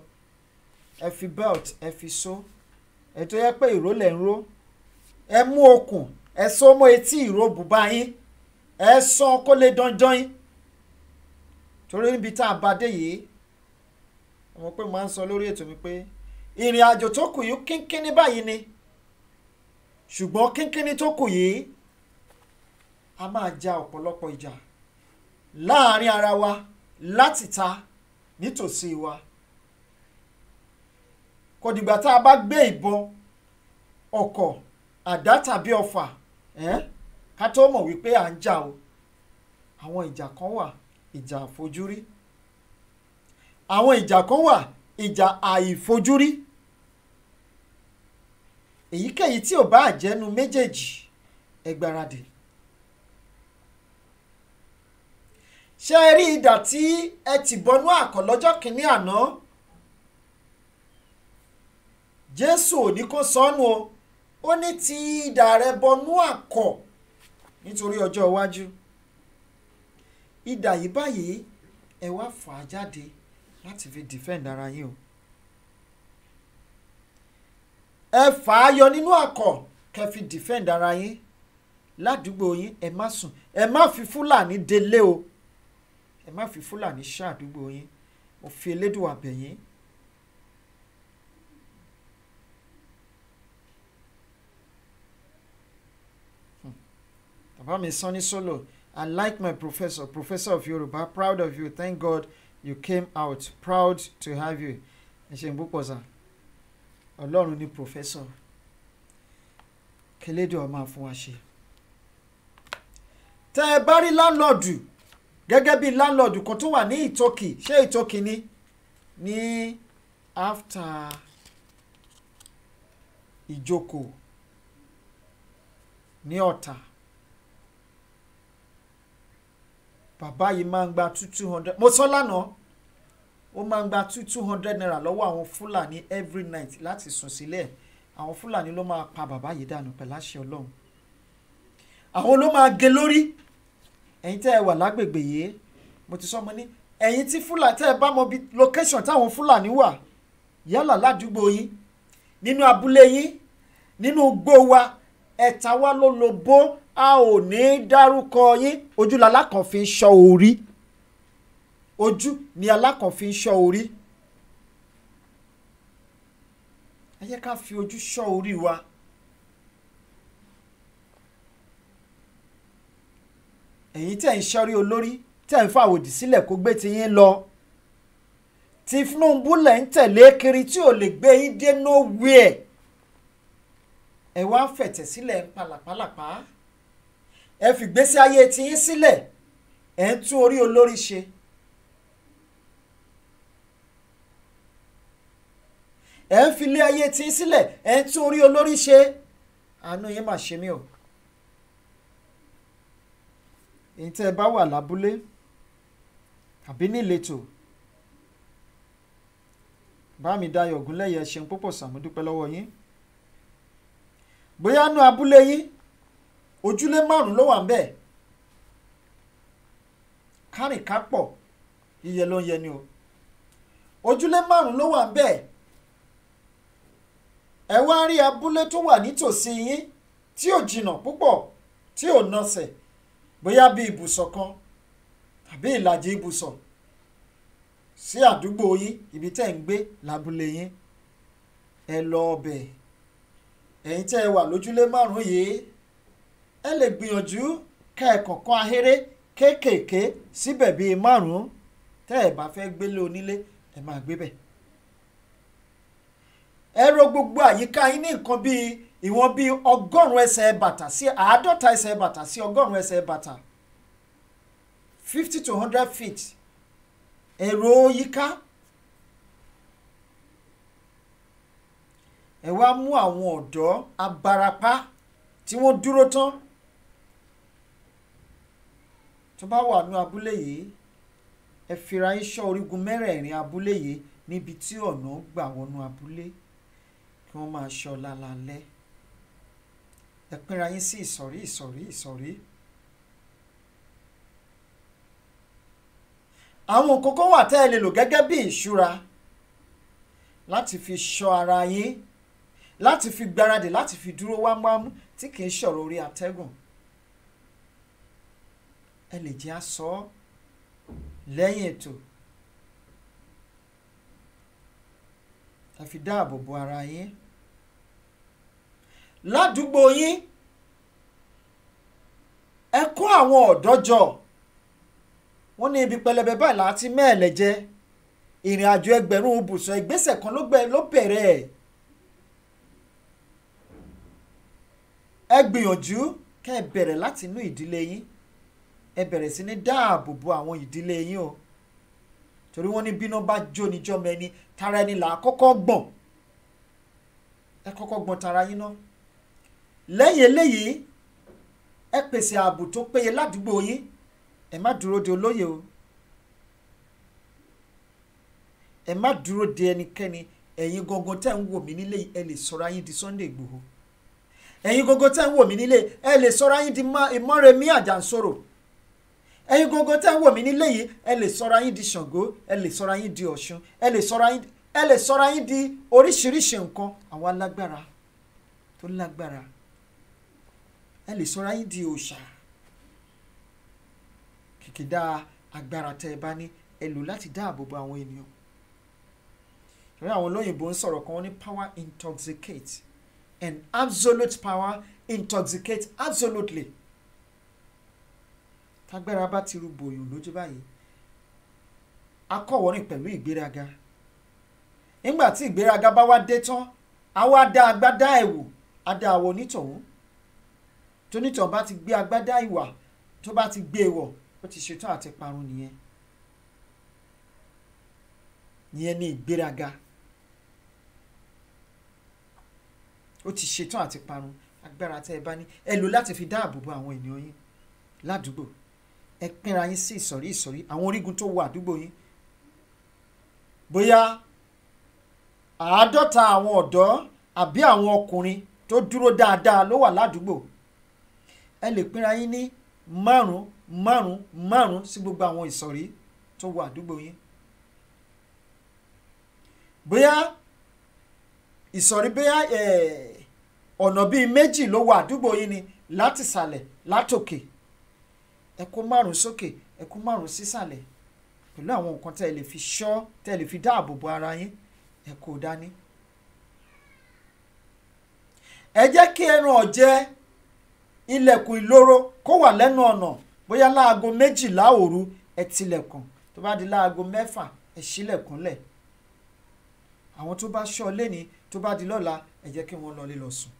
ẹ fi belt ẹ fi so ẹ tó yẹ pé ìró lẹ̀ ń ró ẹ mú okùn ẹ so mọ́ etí ìró bùbá yín ẹ sán kó lè dánjọ́ yín torí níbi tá a bá dé yìí mo pé máa sọ lórí ètò mi pé ìrìn àjò tó kù yìí kínkín ní báyìí ni ṣùgbọ́n kínkín ní tó kù yìí a máa ja ọ̀pọ̀lọpọ̀ ìjà láàárín ara wa láti ta nítòsí wa kò dìgbà tá a bá gbé ìbọn ọkọ̀ àdá tàbí ọfà ká tó mọ̀ wípé à ń jà o àwọn ìjà kan wà ìjà àfojúrí àwọn ìjà kan wà ìjà àìfojúrí èyíkéyìí tí ò bá àjẹnu méjèèjì ẹ gbáradì ẹ rí idà tí ẹ ti bọnú àkọ lọ́jọ́ kìíní àná Jésù ò ní kó sọnù o ó ní ti idà rẹ bọnú àkọ̀ nítorí ọjọ́ iwájú idà yìí báyìí ẹ wá fà á jáde láti fi defend ara yín o ẹ fà á yọ nínú àkọ̀ kẹ́ fi defend ara yín ládùúgbò yín ẹ má sùn ẹ má fi fúlàní délé o ẹ má fi fúlàní ṣàdúgbò yín mo fi elédùn àbẹ̀yìn Bàbá mi Sanni Solo I like my professor professor of Yoruba proud of you thank God you came out proud to have you ẹ ṣe ń púpọ̀ sá Ọlọ́run ni professor kẹlẹ́dẹ̀ ọ̀ máa fún wa ṣe. tẹ́ ẹ bá rí láńlọ́ọ̀dù gẹ́gẹ́ bí láńlọ́ọ̀dù kan tó wà ní ìtọ́kì ṣé ìtọ́kì ni ní after ìjókòó ní ọ̀tà. bàbá yìí máa ń gba two two hundred mo sọ lánàá ó máa ń gba two two hundred naira lọ́wọ́ àwọn fúlàní every night láti sùn sílẹ̀ àwọn fúlàní ló máa pa bàbá yìí dànù pẹ̀lú àṣẹ ọlọ́run àwọn ló máa gé lórí ẹ̀yin tẹ́ ẹ wà lágbègbè yìí mo ti sọ mo ní ẹ̀yin tí fúlàní tẹ́ ẹ bá mọ bí location táwọn fúlàní wà yálà ládùúgbò yín nínú abúlé yín nínú igbó wa ẹ̀ta wa ló lo bó a ò ní dárúkọ yín ojú la alákànfin ń ṣọ́ orí ojú ni alákànfin ń ṣọ́ orí ẹ jẹ́ ká fi ojú ṣọ́ orí wa. ẹ̀yin tẹ̀ ń ṣọ́rí olórí tẹ̀ ń fàwòdì sílẹ̀ kó gbé ti yín lọ Tinubu lẹ̀ ń tẹ̀lé kiri tí ò lè gbé yín dé nowhere ẹ̀ wá fẹ̀tẹ̀ sílẹ̀ pàlàpàlàpà. Pa ẹ fìgbésí ayé tiyín sílẹ̀ ẹ̀ ń tún orí olórí ṣe. ẹ̀ ń filé ayé tiyín sílẹ̀ ẹ̀ ń tún orí olórí ṣe àánú yín mà ṣe mí o. èyí tẹ́ ẹ bá wà lábúlé àbí níletò báàmì Dayọ̀ Ògúnlẹ̀yẹ ṣeun púpọ̀ sàmúdúpẹ́ lọ́wọ́ yín bóyá nú abúlé yín ojúlé márùn-ún ló wà ń bẹ̀ kárìnká pọ̀ yíyẹ ló ń yẹ ni o ojúlé márùn-ún ló wà ń bẹ̀ ẹ wá rí abúlé tó wà nítòsí yín tí ò jìnnà púpọ̀ tí ò nọsẹ̀ bóyá bí ibùsọ̀ kan tàbí ìlàjì ibùsọ̀ sí àdúgbò yín ibi tẹ́ ń gbé lábúlé yín ẹ lọ ọbẹ̀ ẹ̀yin tẹ́ wà lójúlé márùn yìí ẹ lè gbìyànjú ká ẹ kọ̀ọ̀kan ahéré kéékèèké síbẹ̀ bíi márùn-ún tẹ́ ẹ bá fẹ́ gbélé onílé ẹ máa gbé bẹ̀. ẹ ro gbogbo àyíká yín ní nǹkan bíi ìwọ̀n bíi ọgọ́rùn-ún ẹsẹ̀ bàtà sí àádọ́ta ẹsẹ̀ bàtà sí ọgọ́rùn-ún ẹsẹ̀ bàtà fifty to hundred feet ẹ ro yíká ẹ wá mú àwọn ọ̀dọ́ abarapá tí wọ́n dúró tán tó bá wà ní abúlé yìí ẹ fira yín ṣọ́ orígun mẹ́rẹ̀ẹ̀rin abúlé yìí níbi tí ọ̀nà gbà wọnú abúlé kí wọ́n máa ṣọ́ lálálẹ́ ẹ pínra yín sí ìsọ̀rí ìsọ̀rí ìsọ̀rí. àwọn nǹkan kan wà tẹ́ ẹ lè lò gẹ́gẹ́ bí ìṣúra láti fi ṣọ́ ara yín láti fi gbáradì láti fi dúró wámúwámú tí kì í ṣọ̀rọ̀ orí atẹ́gùn ẹ lè jẹ́ àsọ lẹ́yìn ètò ẹ fi dáàbò bo ara yín ládùúgbò yín ẹ kó àwọn ọ̀dọ́ jọ wọ́n ní ibi pẹlẹbẹ báyìí láti mẹ́ẹ̀lẹ̀ jẹ́ ìrìn àjò ẹgbẹ̀rún ibùsọ̀ ìgbésẹ̀ kan ló bẹ̀rẹ̀ ẹ̀ ẹ gbìyànjú kẹ́ ẹ bẹ̀rẹ̀ láti inú ìdílé yín ẹ bẹ̀rẹ̀ sí ní dáàbò bo àwọn ìdílé yín o torí wọ́n ní bíná bá jó níjọ́ mẹ́ni tara ẹni là á kọ́kọ́ gbọ̀n ẹ kọ́kọ́ gbọ̀n tara yín ná lẹ́yìn eléyìí ẹ pèsè ààbò tó péye ládùúgbò yín ẹ má dúró de olóyè o ẹ má dúró de ẹnikẹ́ni ẹ̀yin gangan tẹ́ ń wò mí nílé ẹ lè sọra yín di Sunday Igboho ẹ̀yin gangan tẹ́ ń wò mí nílé ẹ lè sọra yín di Mọ́remí Àjànsórò ẹ̀yin gangan tẹ́ ń wò mí nílé yìí ẹ lè sọra yín di ṣàngó ẹ lè sọra yín di ọ̀ṣun ẹ lè sọra yín di oríṣiríṣi nǹkan àwọn alágbára tó lágbára ẹ lè sọra yín di òòṣà kìkìdá agbára tẹ́ ẹ bá ní ẹ lò láti dáàbò bo àwọn ènìyàn ìwé àwọn olóyìnbó ń sọ̀rọ̀ kan wọ́n ní power intoxicate An absolute power intoxicate absolutely tágbára bá ti rúbọ èèyàn lójú báyìí akọ̀wọ́rìn pẹ̀lú ìgbéraga nígbà tí ìgbéraga bá wá dé tán a wá dá agbádá ẹ̀wò a dá àwọ̀ onítọ̀hún tónítọ̀hún bá ti gbé agbádá ìwà tó bá ti gbé e wọ̀ ó ti ṣetán àti parun nìyẹn nìyẹn ní ìgbéraga ó ti ṣetán àti parun agbára tẹ́ ẹ bá ní ẹ lò láti fi dáàbò bo àwọn ènìyàn yín ládùúgbò ẹ pínra yín sí ìsọ̀rí ìsọ̀rí àwọn orígun tó wà àdúgbò yín bóyá àádọ́ta àwọn ọ̀dọ́ àbí àwọn ọkùnrin tó dúró dáadáa ló wà ládùúgbò ẹ lè pínra yín ní márùn márùn márùn sí gbogbo àwọn ìsọ̀rí tó wà àdúgbò yín bóyá ìsọ̀rí bóyá ọ̀nà bíi méjì ló wà àdúgbò yín ni láti sàlẹ̀ látòkè. Okay ẹ kó márùn sókè ẹ kó márùn sísàlẹ̀ pẹ̀lú àwọn nǹkan tẹ́ ẹ lè fi ṣọ́ tẹ́ ẹ lè fi dáàbò bo ara yín ẹ kó o dání. ẹ jẹ́ kí ẹnu ọ̀jẹ́ ilẹ̀kùn ìloro kó wà lẹ́nu ọ̀nà bóyá láago méjìlá òru ẹ tilẹ̀kùn tó bá di láago mẹ́fà ẹ ṣílẹ̀kùnlẹ̀ àwọn tó bá ṣọ́ lẹ́ni tó bá di lọ́la ẹ jẹ́ kí wọ́n lọlé lọ sùn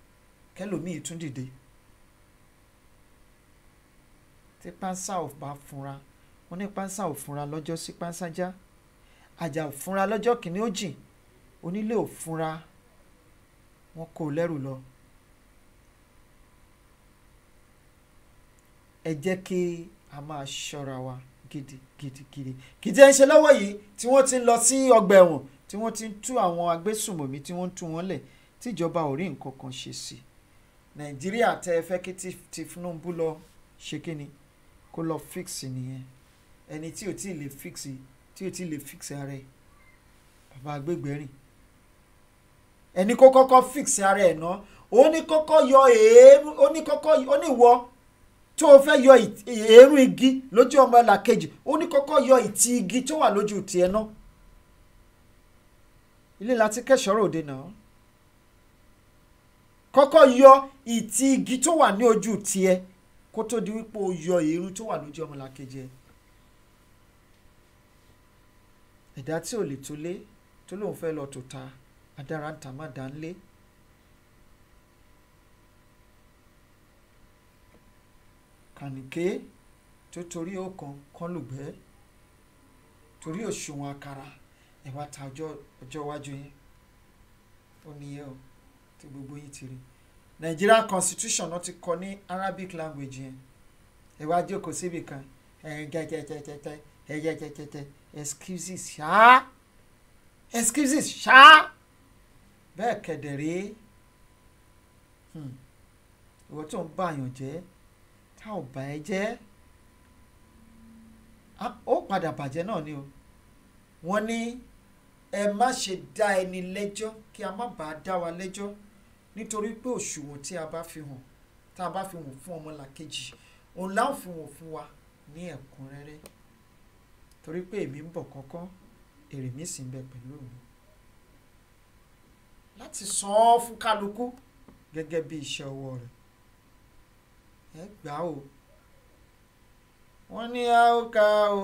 kẹ́lòmíì tún dìde tí pánsá ò bá funra wọ́n ní pánsá ò funra lọ́jọ́ sí pánsá já àjà ò funra lọ́jọ́ kìíní ó jìn onílé ò funra wọ́n kó lẹ́rù lọ. ẹ jẹ́ kí a máa ṣọ́ra wa gidigidigidi kì í jẹ́ ń ṣe lọ́wọ́ yìí tí wọ́n ti ń lọ sí ọgbà ẹ̀wọ̀n tí wọ́n ti ń tú àwọn agbésùmọ̀mí tí wọ́n ń tú wọn lẹ̀ tíjọba ò rí nǹkan kan ṣe sí nàìjíríà tẹ́ ẹ fẹ́ kí Tinubu lọ ṣe kí ni kó lọ fix nìyẹn ẹni tí ò tí ì lè fix tí ò tí ì lè fix ara ẹ̀ bàbá Gbégbérìn ẹni kó kọ́kọ́ fix ara ẹ̀ ná ó ní kọ́kọ́ yọ èérú ó ní kọ́kọ́ ó ní wọ́ tí o fẹ́ yọ èérú igi lójú ọmọ ẹlàkejì ó ní kọ́kọ́ yọ ìtì igi tó wà lójú tiẹ̀ náà ilé láti kẹ́sọ̀rọ̀ òde náà kọ́kọ́ yọ ìtì igi tó wà ní ojú tiẹ̀ kó tó di wípé o yọ irun tó wà lójú ọmọlàkejì ẹ ẹ̀dá tí ò lè tó lé tó lóun fẹ́ lọ tó ta adára ń ta má dá ń lé. kànìké tó torí ọkàn kan lùgbẹ́ torí òṣùwọ̀n àkàrà ẹ̀ ta ọjọ́ iwájú yín ó níyẹn o tí gbogbo yín ti rí Nigeria constitution náà ti kọ ní Arabic language yẹn ẹ wá jókòó síbi kan ẹ̀ẹ́dẹ́tẹ́tẹ́tẹ́ ẹ̀ẹ́dẹ́tẹ́tẹ́ excuses ṣáá excuses ṣáá bẹ́ẹ̀ kẹ̀dẹ̀ rèé hmm. ìwọ tó ń bàyàn jẹ́ tá ò bà ẹ́ jẹ́ ó padà bàjẹ́ náà ni o wọ́n ní ẹ má ṣe dá ẹni lẹ́jọ́ kí a má bàa dá wa lẹ́jọ́ nítorí pé òṣùwọ̀n tí a bá fi hàn tá a bá fi hàn fún ọmọlàkejì òun láò fi hàn fún wa ní ẹ̀kúnrẹ́rẹ́ torí pé èmi ń bọ̀ kọ́kọ́ èrè mi sì ń bẹ pẹ̀lú òun láti san án fún kálukú gẹ́gẹ́ bí iṣẹ́ ọwọ́ rẹ̀ ẹ gbà ó wọ́n ní a ó ka o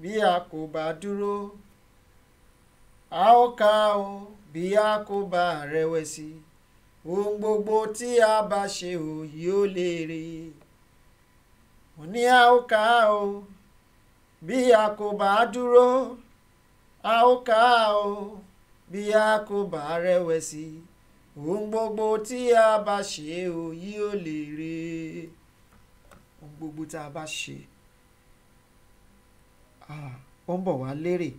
bí a kò bá dúró a ó ka o bí a kò bá rẹ̀wẹ̀sì. Si ohun gbogbo tí a bá ṣe ò yóò léèrè mo ní a ó kà á o bí a kò bá dúró a ó kà o bí a kò bá rẹ̀wẹ̀sì ohun gbogbo tí a bá ṣe ò yóò léèrè ohun gbogbo tí a bá ṣe ó ń bọ̀ wá lérè.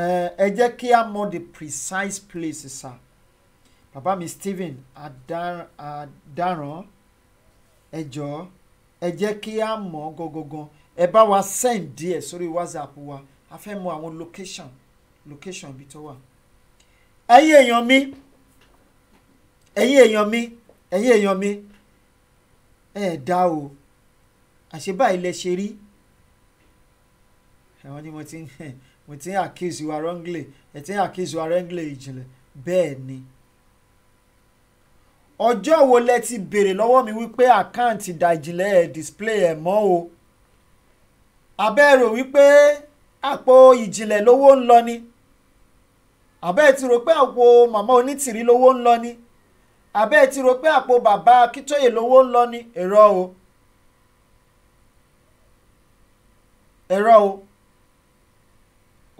ẹ jẹ́ kí a mọ the precise place sir bàbá mi Stephen Adaran ẹ jọ̀ọ́ ẹ jẹ́ kí a mọ̀ gangan ẹ bá wa send díẹ̀ sórí WhatsApp wa a fẹ́ mọ àwọn location location ibi tó wà. ẹ̀yin èèyàn mi ẹ̀yin èèyàn mi ẹ̀yin èèyàn mi ẹ̀ dá o àṣebáyé lẹ ṣe rí ẹ̀wọ̀n ni mo ti ń hẹ̀. we ti accuse you are wrongly ẹ ti accuse you are wrongly ìjìnlẹ̀ bẹ́ẹ̀ ni ọjọ́ wo lẹ ti béèrè lọ́wọ́ mi wípé àkáǹtì ìdàjìnlẹ̀ ẹ̀ display ẹ̀ mọ́ o abẹ́ rò wípé àpò ìjìnlẹ̀ lówó ń lọ ni abẹ́ ti rò pé àpò màmá onítìrí lówó ń lọ ni abẹ́ pé àpò bàbá akíntóyè lówó ń lọ ni èrò o èrò o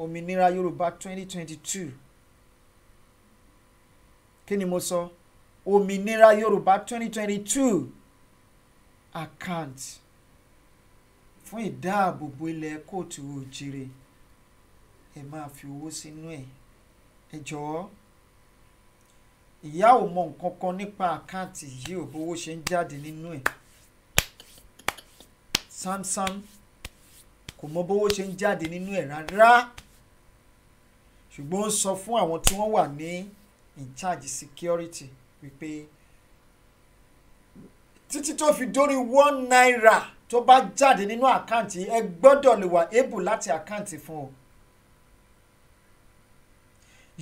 òmìnira yorùbá twenty twenty two kí ni mo sọ òmìnira yorùbá twenty twenty two account fún ìdáàbòbò ilẹ̀ kóòtù òjìrè ẹ máa fi owó sínú ẹ̀ ẹ jọ̀ọ́ ìyá ò mọ nǹkan kan nípa àkáǹtì yìí ò bówó ṣe ń jáde nínú ẹ̀ samsam kò mọ bówó ṣe ń jáde nínú ẹ̀ rárá ṣùgbọ́n ó sọ fún àwọn tí wọ́n wà ní in charge security wípé títí tó fi dórí one naira tó bá jáde nínú àkáǹtì ẹ gbọ́dọ̀ lè wà able láti àkáǹtì fún o.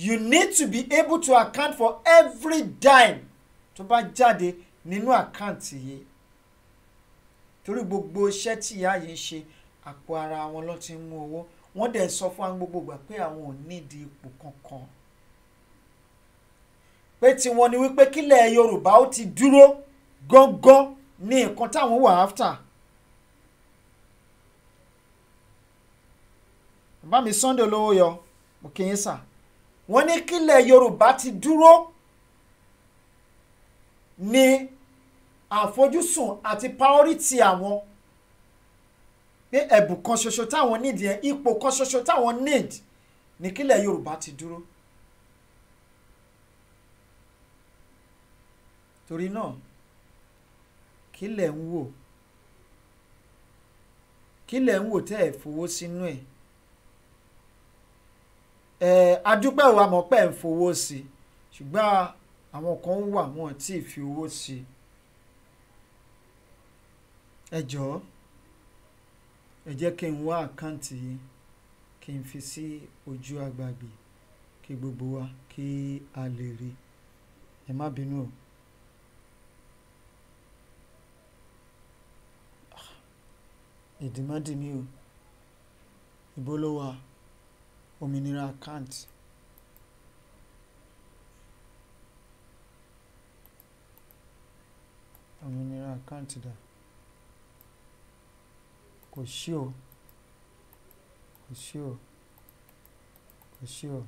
You need to be able to account for every dime tó bá jáde nínú àkáǹtì yìí torí gbogbo iṣẹ́ tí ìyá yìí ń ṣe àpò ara wọn ló ti ń mú owó wọ́n dẹ̀ sọ fún àwọn gbogbo ìgbà pé àwọn ò nídìí ipò kankan pé tiwọn ni wípé kílẹ̀ Yorùbá ó ti dúró gángan ní nǹkan táwọn wà after. bàbá mi Sunday olówó yọ mo kì sà wọ́n ní kílẹ̀ Yorùbá ti dúró ní àfojúsùn àti priority àwọn pé ẹ̀bùn kan ṣoṣo táwọn need yẹn ipò kan ṣoṣo táwọn need ní kílẹ̀ Yorùbá ti dúró. torí náà kílẹ̀ ń wò kílẹ̀ ń wò tẹ́ ẹ̀ fowó sínú ẹ̀ ẹ̀ adúpẹ́ ò àmọ́ pẹ́ ń fowó sí ṣùgbọ́n àwọn kan wà wọn tí ì fi owó sí ẹ jọ̀ọ́ ẹ jẹ́ kí n wá àkáǹtì yìí kí n fi sí ojú agbàgbé kí gbogbo wa kí a lè rí ẹ má bínú o. ìdìmọ́dì mi o ibo ló wà òmìnira àkáǹtì. òmìnira àkáǹtì dà kò sí o kò sí o kò sí o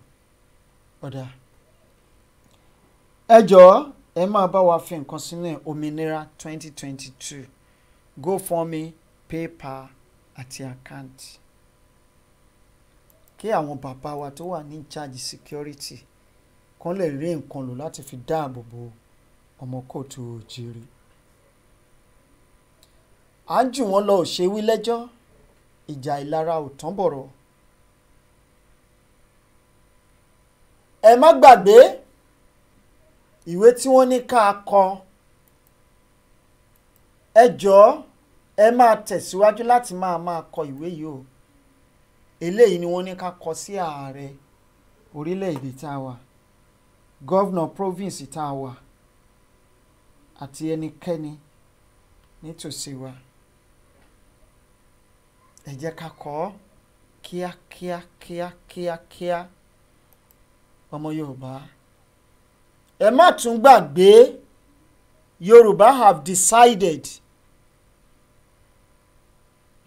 ọ̀dà ẹ jọ̀ọ́ ẹ máa bá wa fi nǹkan sílẹ̀ òmìnira twenty twenty two Go gofundme paypal àti àkáǹtì kí àwọn bàbá wa tó wà ní charge security kan lè rí nǹkan lò láti fi dáàbò bo ọmọ kóòtù òjèrè à ń jù wọ́n lọ ò ṣe wí lẹ́jọ́ ìjà ìlara ò tán bọ̀rọ̀. ẹ má gbàgbé ìwé tí wọ́n ní ká a kọ ẹ jọ̀ọ́ ẹ máa tẹ̀síwájú láti máa máa kọ ìwé yìí o eléyìí ni wọ́n ní ká kọ sí ààrẹ orílẹ̀-èdè tá a wà gọ́vnà province tá a wà àti ẹnikẹ́ni nítòsí wa ẹ kia kia kia kia kia. ọmọ Yorùbá ẹ má tún gbàgbé Yorùbá have decided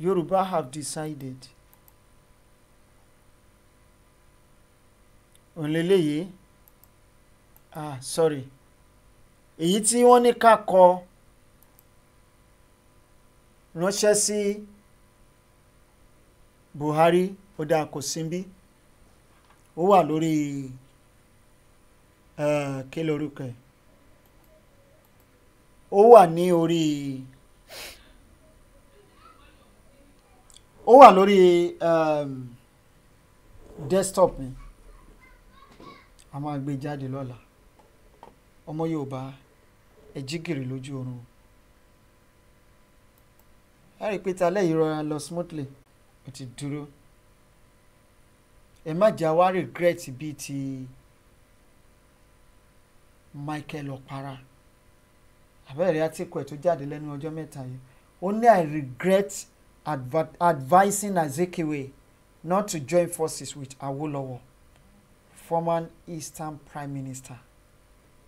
Yorùbá have decided òǹlẹ́lẹ́yìí ah sorry èyí tí wọ́n ní ká ránṣẹ́ sí. Si, Buhari ó dáa kò síbí ó wà lórí kí lorúkọ ẹ̀ ó wà ní orí ó wà lórí desktop mi a máa gbé jáde lọ́la ọmọ Yorùbá ẹ jí lójú oorun ẹ rí i pé talẹ́ yìí rọra lọ smoothly. ó ti dúró ẹ má jà wá regret bíi ti Michael Ọ̀para àbẹ̀rẹ̀ àtìkọ́ ẹ̀ tó jáde lẹ́nu ọjọ́ mẹ́ta yìí ó ní I regret advising Azikiwe not to join forces with Awolowo former Eastern Prime Minister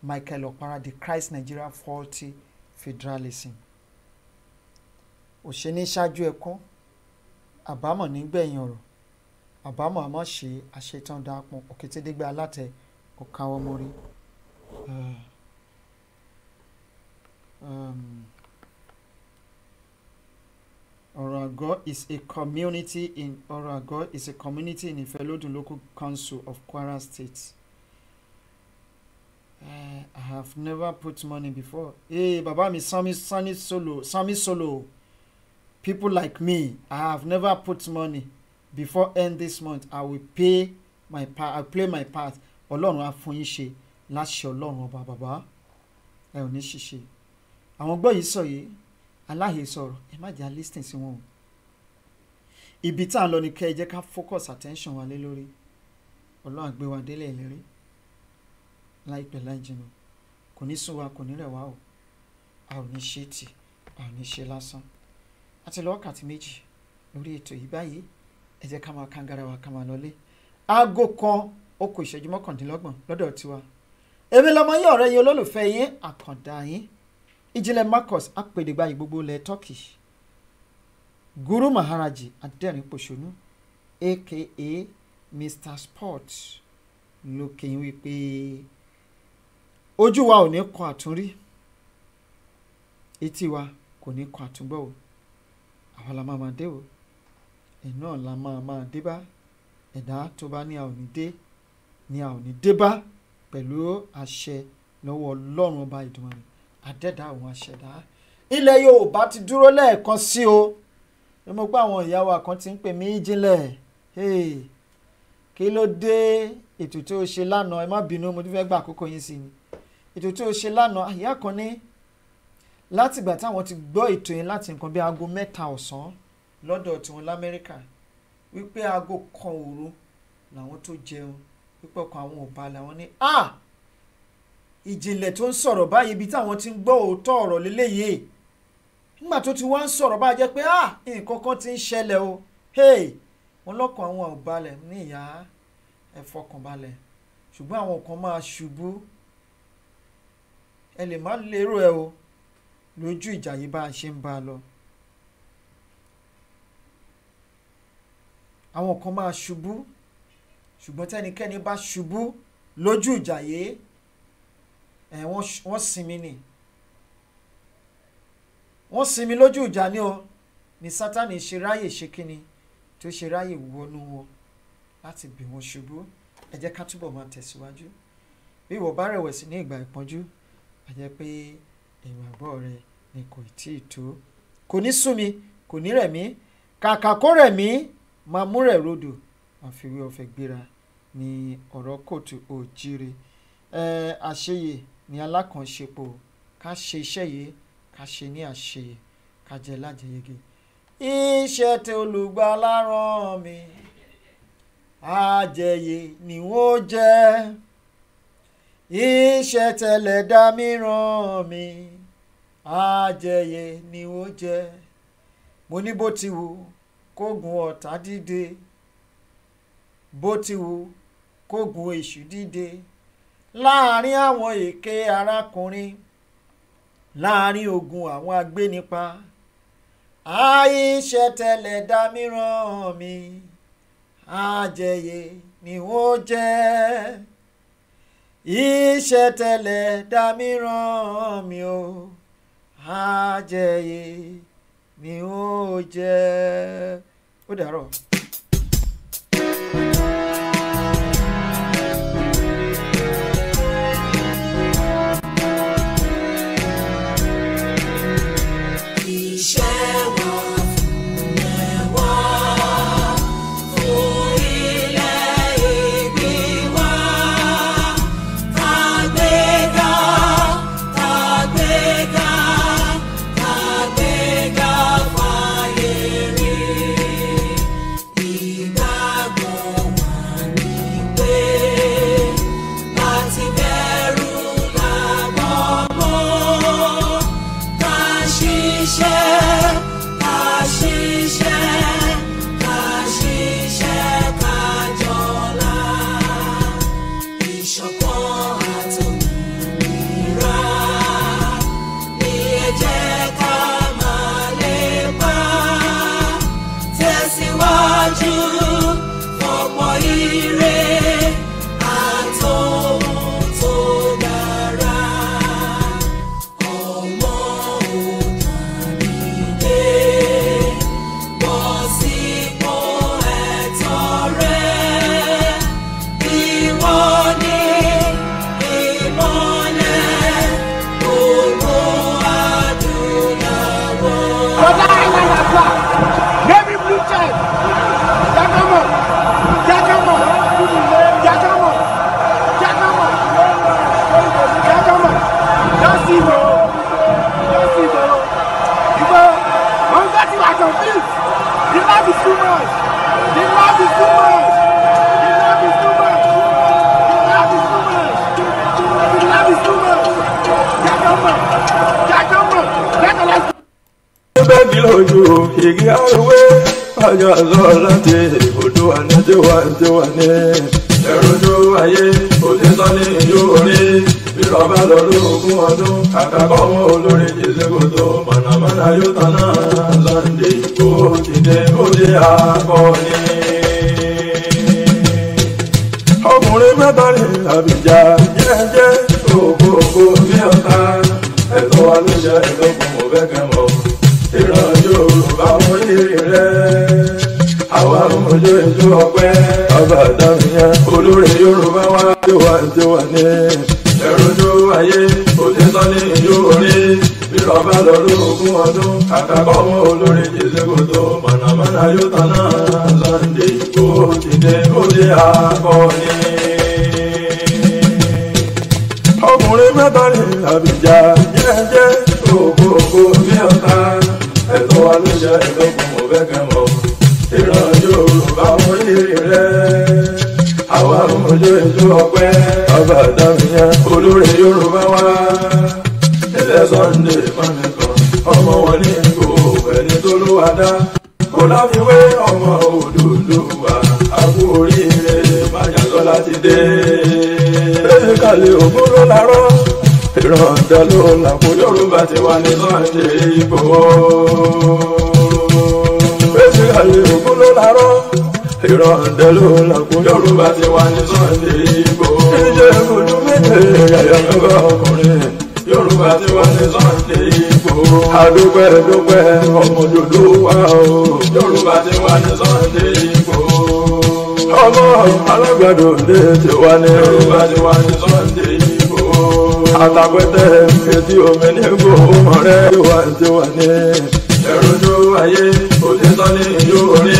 Michael Ọ̀para decried Nigeria faulty federalism òṣèlú ṣáájú ẹkún àbámọ̀ nígbẹ̀yìn ọ̀rọ̀ àbámọ̀ àmọ́ ṣe àṣetán dápọn òkétédégbé alátẹ ọ̀káwọ́ mórí. Orago is a community in Orago is a community in Ifelodun local council of Kwara State. Uh, I have never put money before. Ee hey, Baba, mi sanmi sanni solo sanmi solo people like me i have never put money before end this month i will pay my part i will play my part ọlọ́run á fún yín ṣe láṣẹ ọlọ́run ọba bàbá ẹ ò ní ṣiṣẹ́ àwọn gbọ́ yìí sọ yìí aláhìí sọ̀rọ̀ ẹ má jẹ́ a listen sí wọn o ibi tá à ń lọ ni kẹ́ ẹ jẹ́ ká focus attention wa lé lórí ọlọ́run àgbẹ̀ wa délé ìlérí láìpẹ́ láì jìnnà kò ní sún wa kò ní rẹ̀ wá o a ò ní ṣe tì a ò ní ṣe lásán a ti lọ wákàtí méjì lórí ètò yìí báyìí ẹ jẹ́ ká máa kangara wa ká máa lọlé aago kan ó kù ìṣẹ́jú mọ́kàndínlọ́gbọ̀n lọ́dọ̀ tiwa èmi lọmọ yín ọ̀rẹ́ yín olólùfẹ́ yín àkàndá yín ìjìnlẹ̀ Marcus apèdègbàyè gbogbo ilẹ̀ Turkey Guru Maharaji adẹ́rìn-pọ̀ṣónú aka Mr Sport lókè wípé ojú wa ò ní kọ àtúnrí etí wa kò ní kọ àtúngbọ́ o àwa la máa máa dé o ẹ̀ náà la máa máa dé bá ẹ̀dá tó bá ní a ò ní dé ní a ò ní dé bá pẹ̀lú àṣẹ lọ́wọ́ ọlọ́run ọba ìdùnmọ̀rẹ́ àdẹ́dá àwọn àṣẹdá ilẹ̀ yorùbá ti dúró lẹ́ẹ̀kan sí o ẹ mọ̀ pé àwọn ìyá wa ti ń pè mí jinlẹ̀ kí ló dé ètò tó ṣe lánàá ẹ má bínú mo tún fẹ́ gba àkókò yín sí ni ètò tó ṣe lánàá ìyá kan ní látìgbà táwọn ti gbọ́ ètò yẹn láti nǹkan bí aago mẹ́ta ọ̀sán lọ́dọ̀ tiwọn lamẹ́ríkà wípé aago kan òru làwọn tó jẹun pípọ̀ kan àwọn ọba làwọn ní a ìjìnlẹ̀ tó ń sọ̀rọ̀ báyìí ibi táwọn ti ń gbọ́ òótọ́ ọ̀rọ̀ lélẹ́yìí nígbà tó ti wá ń sọ̀rọ̀ bá jẹ́ pé a nǹkan kan ti ń ṣẹlẹ̀ o hey wọn lọ́kàn àwọn ọ̀balẹ̀ ní ìyá ẹ fọkànbalẹ̀ ṣùgbọ́n àwọn kan máa ṣubú ẹ lè má lérò ẹ o lójú ìjà yìí bá a ṣe ń bá a lọ. àwọn kan máa ṣubú ṣùgbọ́n tẹ́nikẹ́ni bá ṣubú lójú ìjà yìí ẹ̀ wọ́n sinmi ni wọ́n sinmi lójú ìjà ni o ni Sátánì ṣe ráyè ṣe kíni tí ó ṣe ráyè wọnú wọn láti bì wọ́n ṣubú ẹ jẹ́ ká túbọ̀ máa tẹ̀síwájú bí ìwọ bá rẹ̀wẹ̀sì ní ìgbà ìpọ́njú a jẹ́ pé ìgbàgbọ́ rẹ̀ ni kò tí ì tó kò ní sú mi kò ní rẹ̀ mí kàkà kó rẹ̀ mí máa mú rodò àfiwé ọ̀fẹ́ gbéra ni ọ̀rọ̀ kòtù òjire ẹ àṣeyè ní alákànṣepọ̀ ká ṣe iṣẹ́ yìí ká ṣe ní àṣeyè ká jẹ lájẹyege. iṣẹ́ tí olùgbàlà mi àjẹyè ni wọ́n jẹ́ iṣẹ́ tẹ̀lẹ̀dá mi rán mi àjẹyè ni ó jẹ mo ní bó ti wù kógun ọ̀tá dìde bó ti wù kógun èṣù dìde láàrin àwọn èké arákùnrin láàrin ogun àwọn agbénipa àìṣẹ̀tẹ̀lẹ̀ dá mìíràn mi àjẹyè ni ó jẹ́ ìṣẹ̀tẹ̀lẹ̀ dá mìíràn mi o ajẹyè ni ó jẹ́ ó dàárọ̀. Yahweh, ọjọ́ lọ́la ti odò ànájẹ́wà ànájẹ́wà ní. Ẹ̀rọ̀jọ́ ayé òtítọ́ ní ìlú orí. Bírọ̀bá lọ́dún ogún ọdún, kàkà kọ́ mọ́ olórí ìṣègùtò mọ̀nàmọ́ná yóò tán náà. Sunday Igboho ti dé òde akọni. Ọkùnrin mẹ́ta ní Àbíjà jẹ́jẹ́ ògbóògbó bí ọ̀tá. Ẹ̀tọ́ wa ló jẹ́ ìlọ́kùn òbẹ́kẹ̀ mọ́. lójú ọpẹ́ ọba àdàmìyà olórí yorùbá wa tiwa tiwa ní. ẹrújú ayé òtítọ́ ní ìlú orí bírọ̀bá lọ́dún ogún ọdún àkàkọ́wọ́ olórí ìṣègùtò mọ̀nàmọ́ná yóò tán náà sànńdé kó dìde ó dé akọni. ọkùnrin mẹ́ta ní àbíjà jẹ́jẹ́ ògbógbó bí ọ̀tá ẹ̀tọ́ wa ló ṣe ẹ̀dọ́gbọ̀n ọ̀bẹ kan bá mú rírì rẹ àwa ọmọdé ètò ọpẹ́ bàbá àdámiyá olórí Sunday Mámẹ́kọ̀ ọmọ wọn ní kò ẹni tó ló wá dá kó láfiwé ọmọ òdòdó wa àkú oríire májàlọ ìrọ̀dá ló làkú Yorùbá ti wà ní Sunday Igboho. Bẹ́ẹ̀ sì kàlẹ ògbóró làárọ̀ ìrọ̀ǹdẹ́ ló làkú yorùbá ti wà ní Sunday Igboho. ìjẹ́ ìbùdó méjèèjì yàyà lọ́gọ́ ọkùnrin yorùbá ti wà ní Sunday Igboho. adúpẹ́ dúpẹ́ ọmọ dòdò wá o. yorùbá ti wà ní Sunday Igboho. ọmọ alágbàdo ndé ti wà ní. yorùbá ti wà ní Sunday Igboho. àtàkùtẹ̀ etí omi ní gbòmọ̀ rẹ̀ ti wà ní. ẹ̀rọ ojú ayé òtítọ́ ní ìlú orí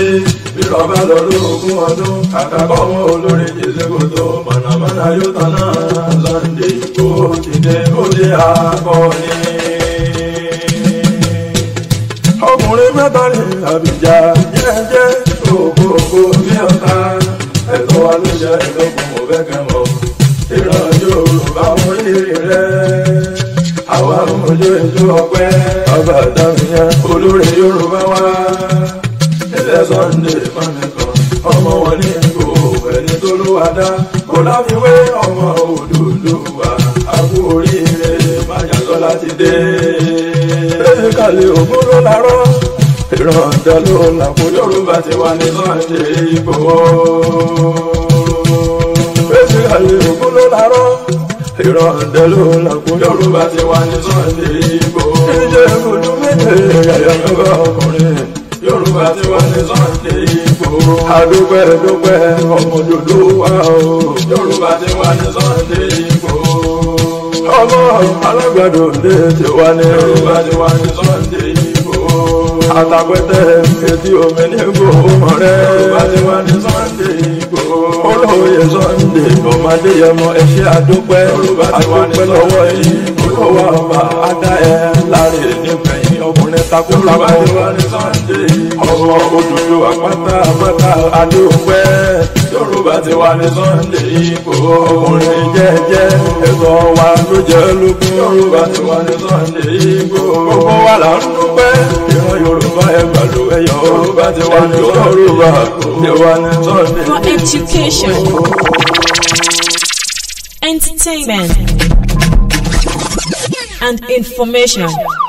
bírọ̀ bá lọ lóògùn ọdún kàkàkọ́ mọ́ olórí jésèkòtò mọ̀nàmọ́ná yóò tán náà Sunday Igboho ti dé ó dé akọni. ọkùnrin mẹ́ta ní àbíjà jẹ́jẹ́ ògbógbó bí ọ̀tá ẹ̀tọ́ wa ló jẹ́ ìlọ́kùn mo fẹ́ kẹ́ mọ́ Yorùbá mo rí rẹ̀ àwa òmòjó ètò ọpẹ́ ọba àdámiyá olórí Yorùbá wá jẹ́ Sunday Maneko ọmọ wọn ní ìgò ẹni tó ló wá dá kò láfiwé ọmọ Odùduwà àkú oríire máyàtọ́lá ti dé. kálẹ̀ ògbóró làárọ̀ ìrọ̀ǹda ló là fún Yorùbá ti wà ní Sunday Igboho. kálẹ̀ ògbóró làárọ̀ ìrọ̀ǹda ló là fún Yorùbá ti wà ní Sunday Igboho. ìjẹ́ ìbùdó méje yàyà lọ́gọ́ ọkùnrin. Yorùbá tí wọ́n ní Sunday Igboho. adúpẹ́ dúpẹ́ ọmọ òdodo wa o. Yorùbá tí wọ́n ní Sunday Igboho. ọmọ alágbàdo lè ti wá ní. Yorùbá tí wọ́n ní Sunday Igboho. àtàpẹ́tẹ́ etí omi ní gbòòmọ̀ rẹ̀. Yorùbá tí wọ́n ní Sunday Igboho. olóyè Sunday ọmọdé yẹmọ ẹ ṣé adúpẹ́ adúpẹ́ lọ́wọ́ yìí olówó ọba adá láre nígbẹ̀yìn obìnrin takuntakun. ọwọ́ òdòdó àpáta àpáta adé òpẹ́. Yorùbá ti wà ní Sunday Igboho. ọkùnrin jẹ́jẹ́ ẹ̀tọ́ wa ló jẹ́ lógún. Yorùbá ti wà ní Sunday Igboho. gbogbo wa là ń dúpẹ́. ìran Yorùbá ẹgbàá ló ẹ̀yọ́. Yorùbá ti wà ní Sunday Igboho. Yorùbá ti wà ní Sunday Igboho. For education. Entertainment. and information.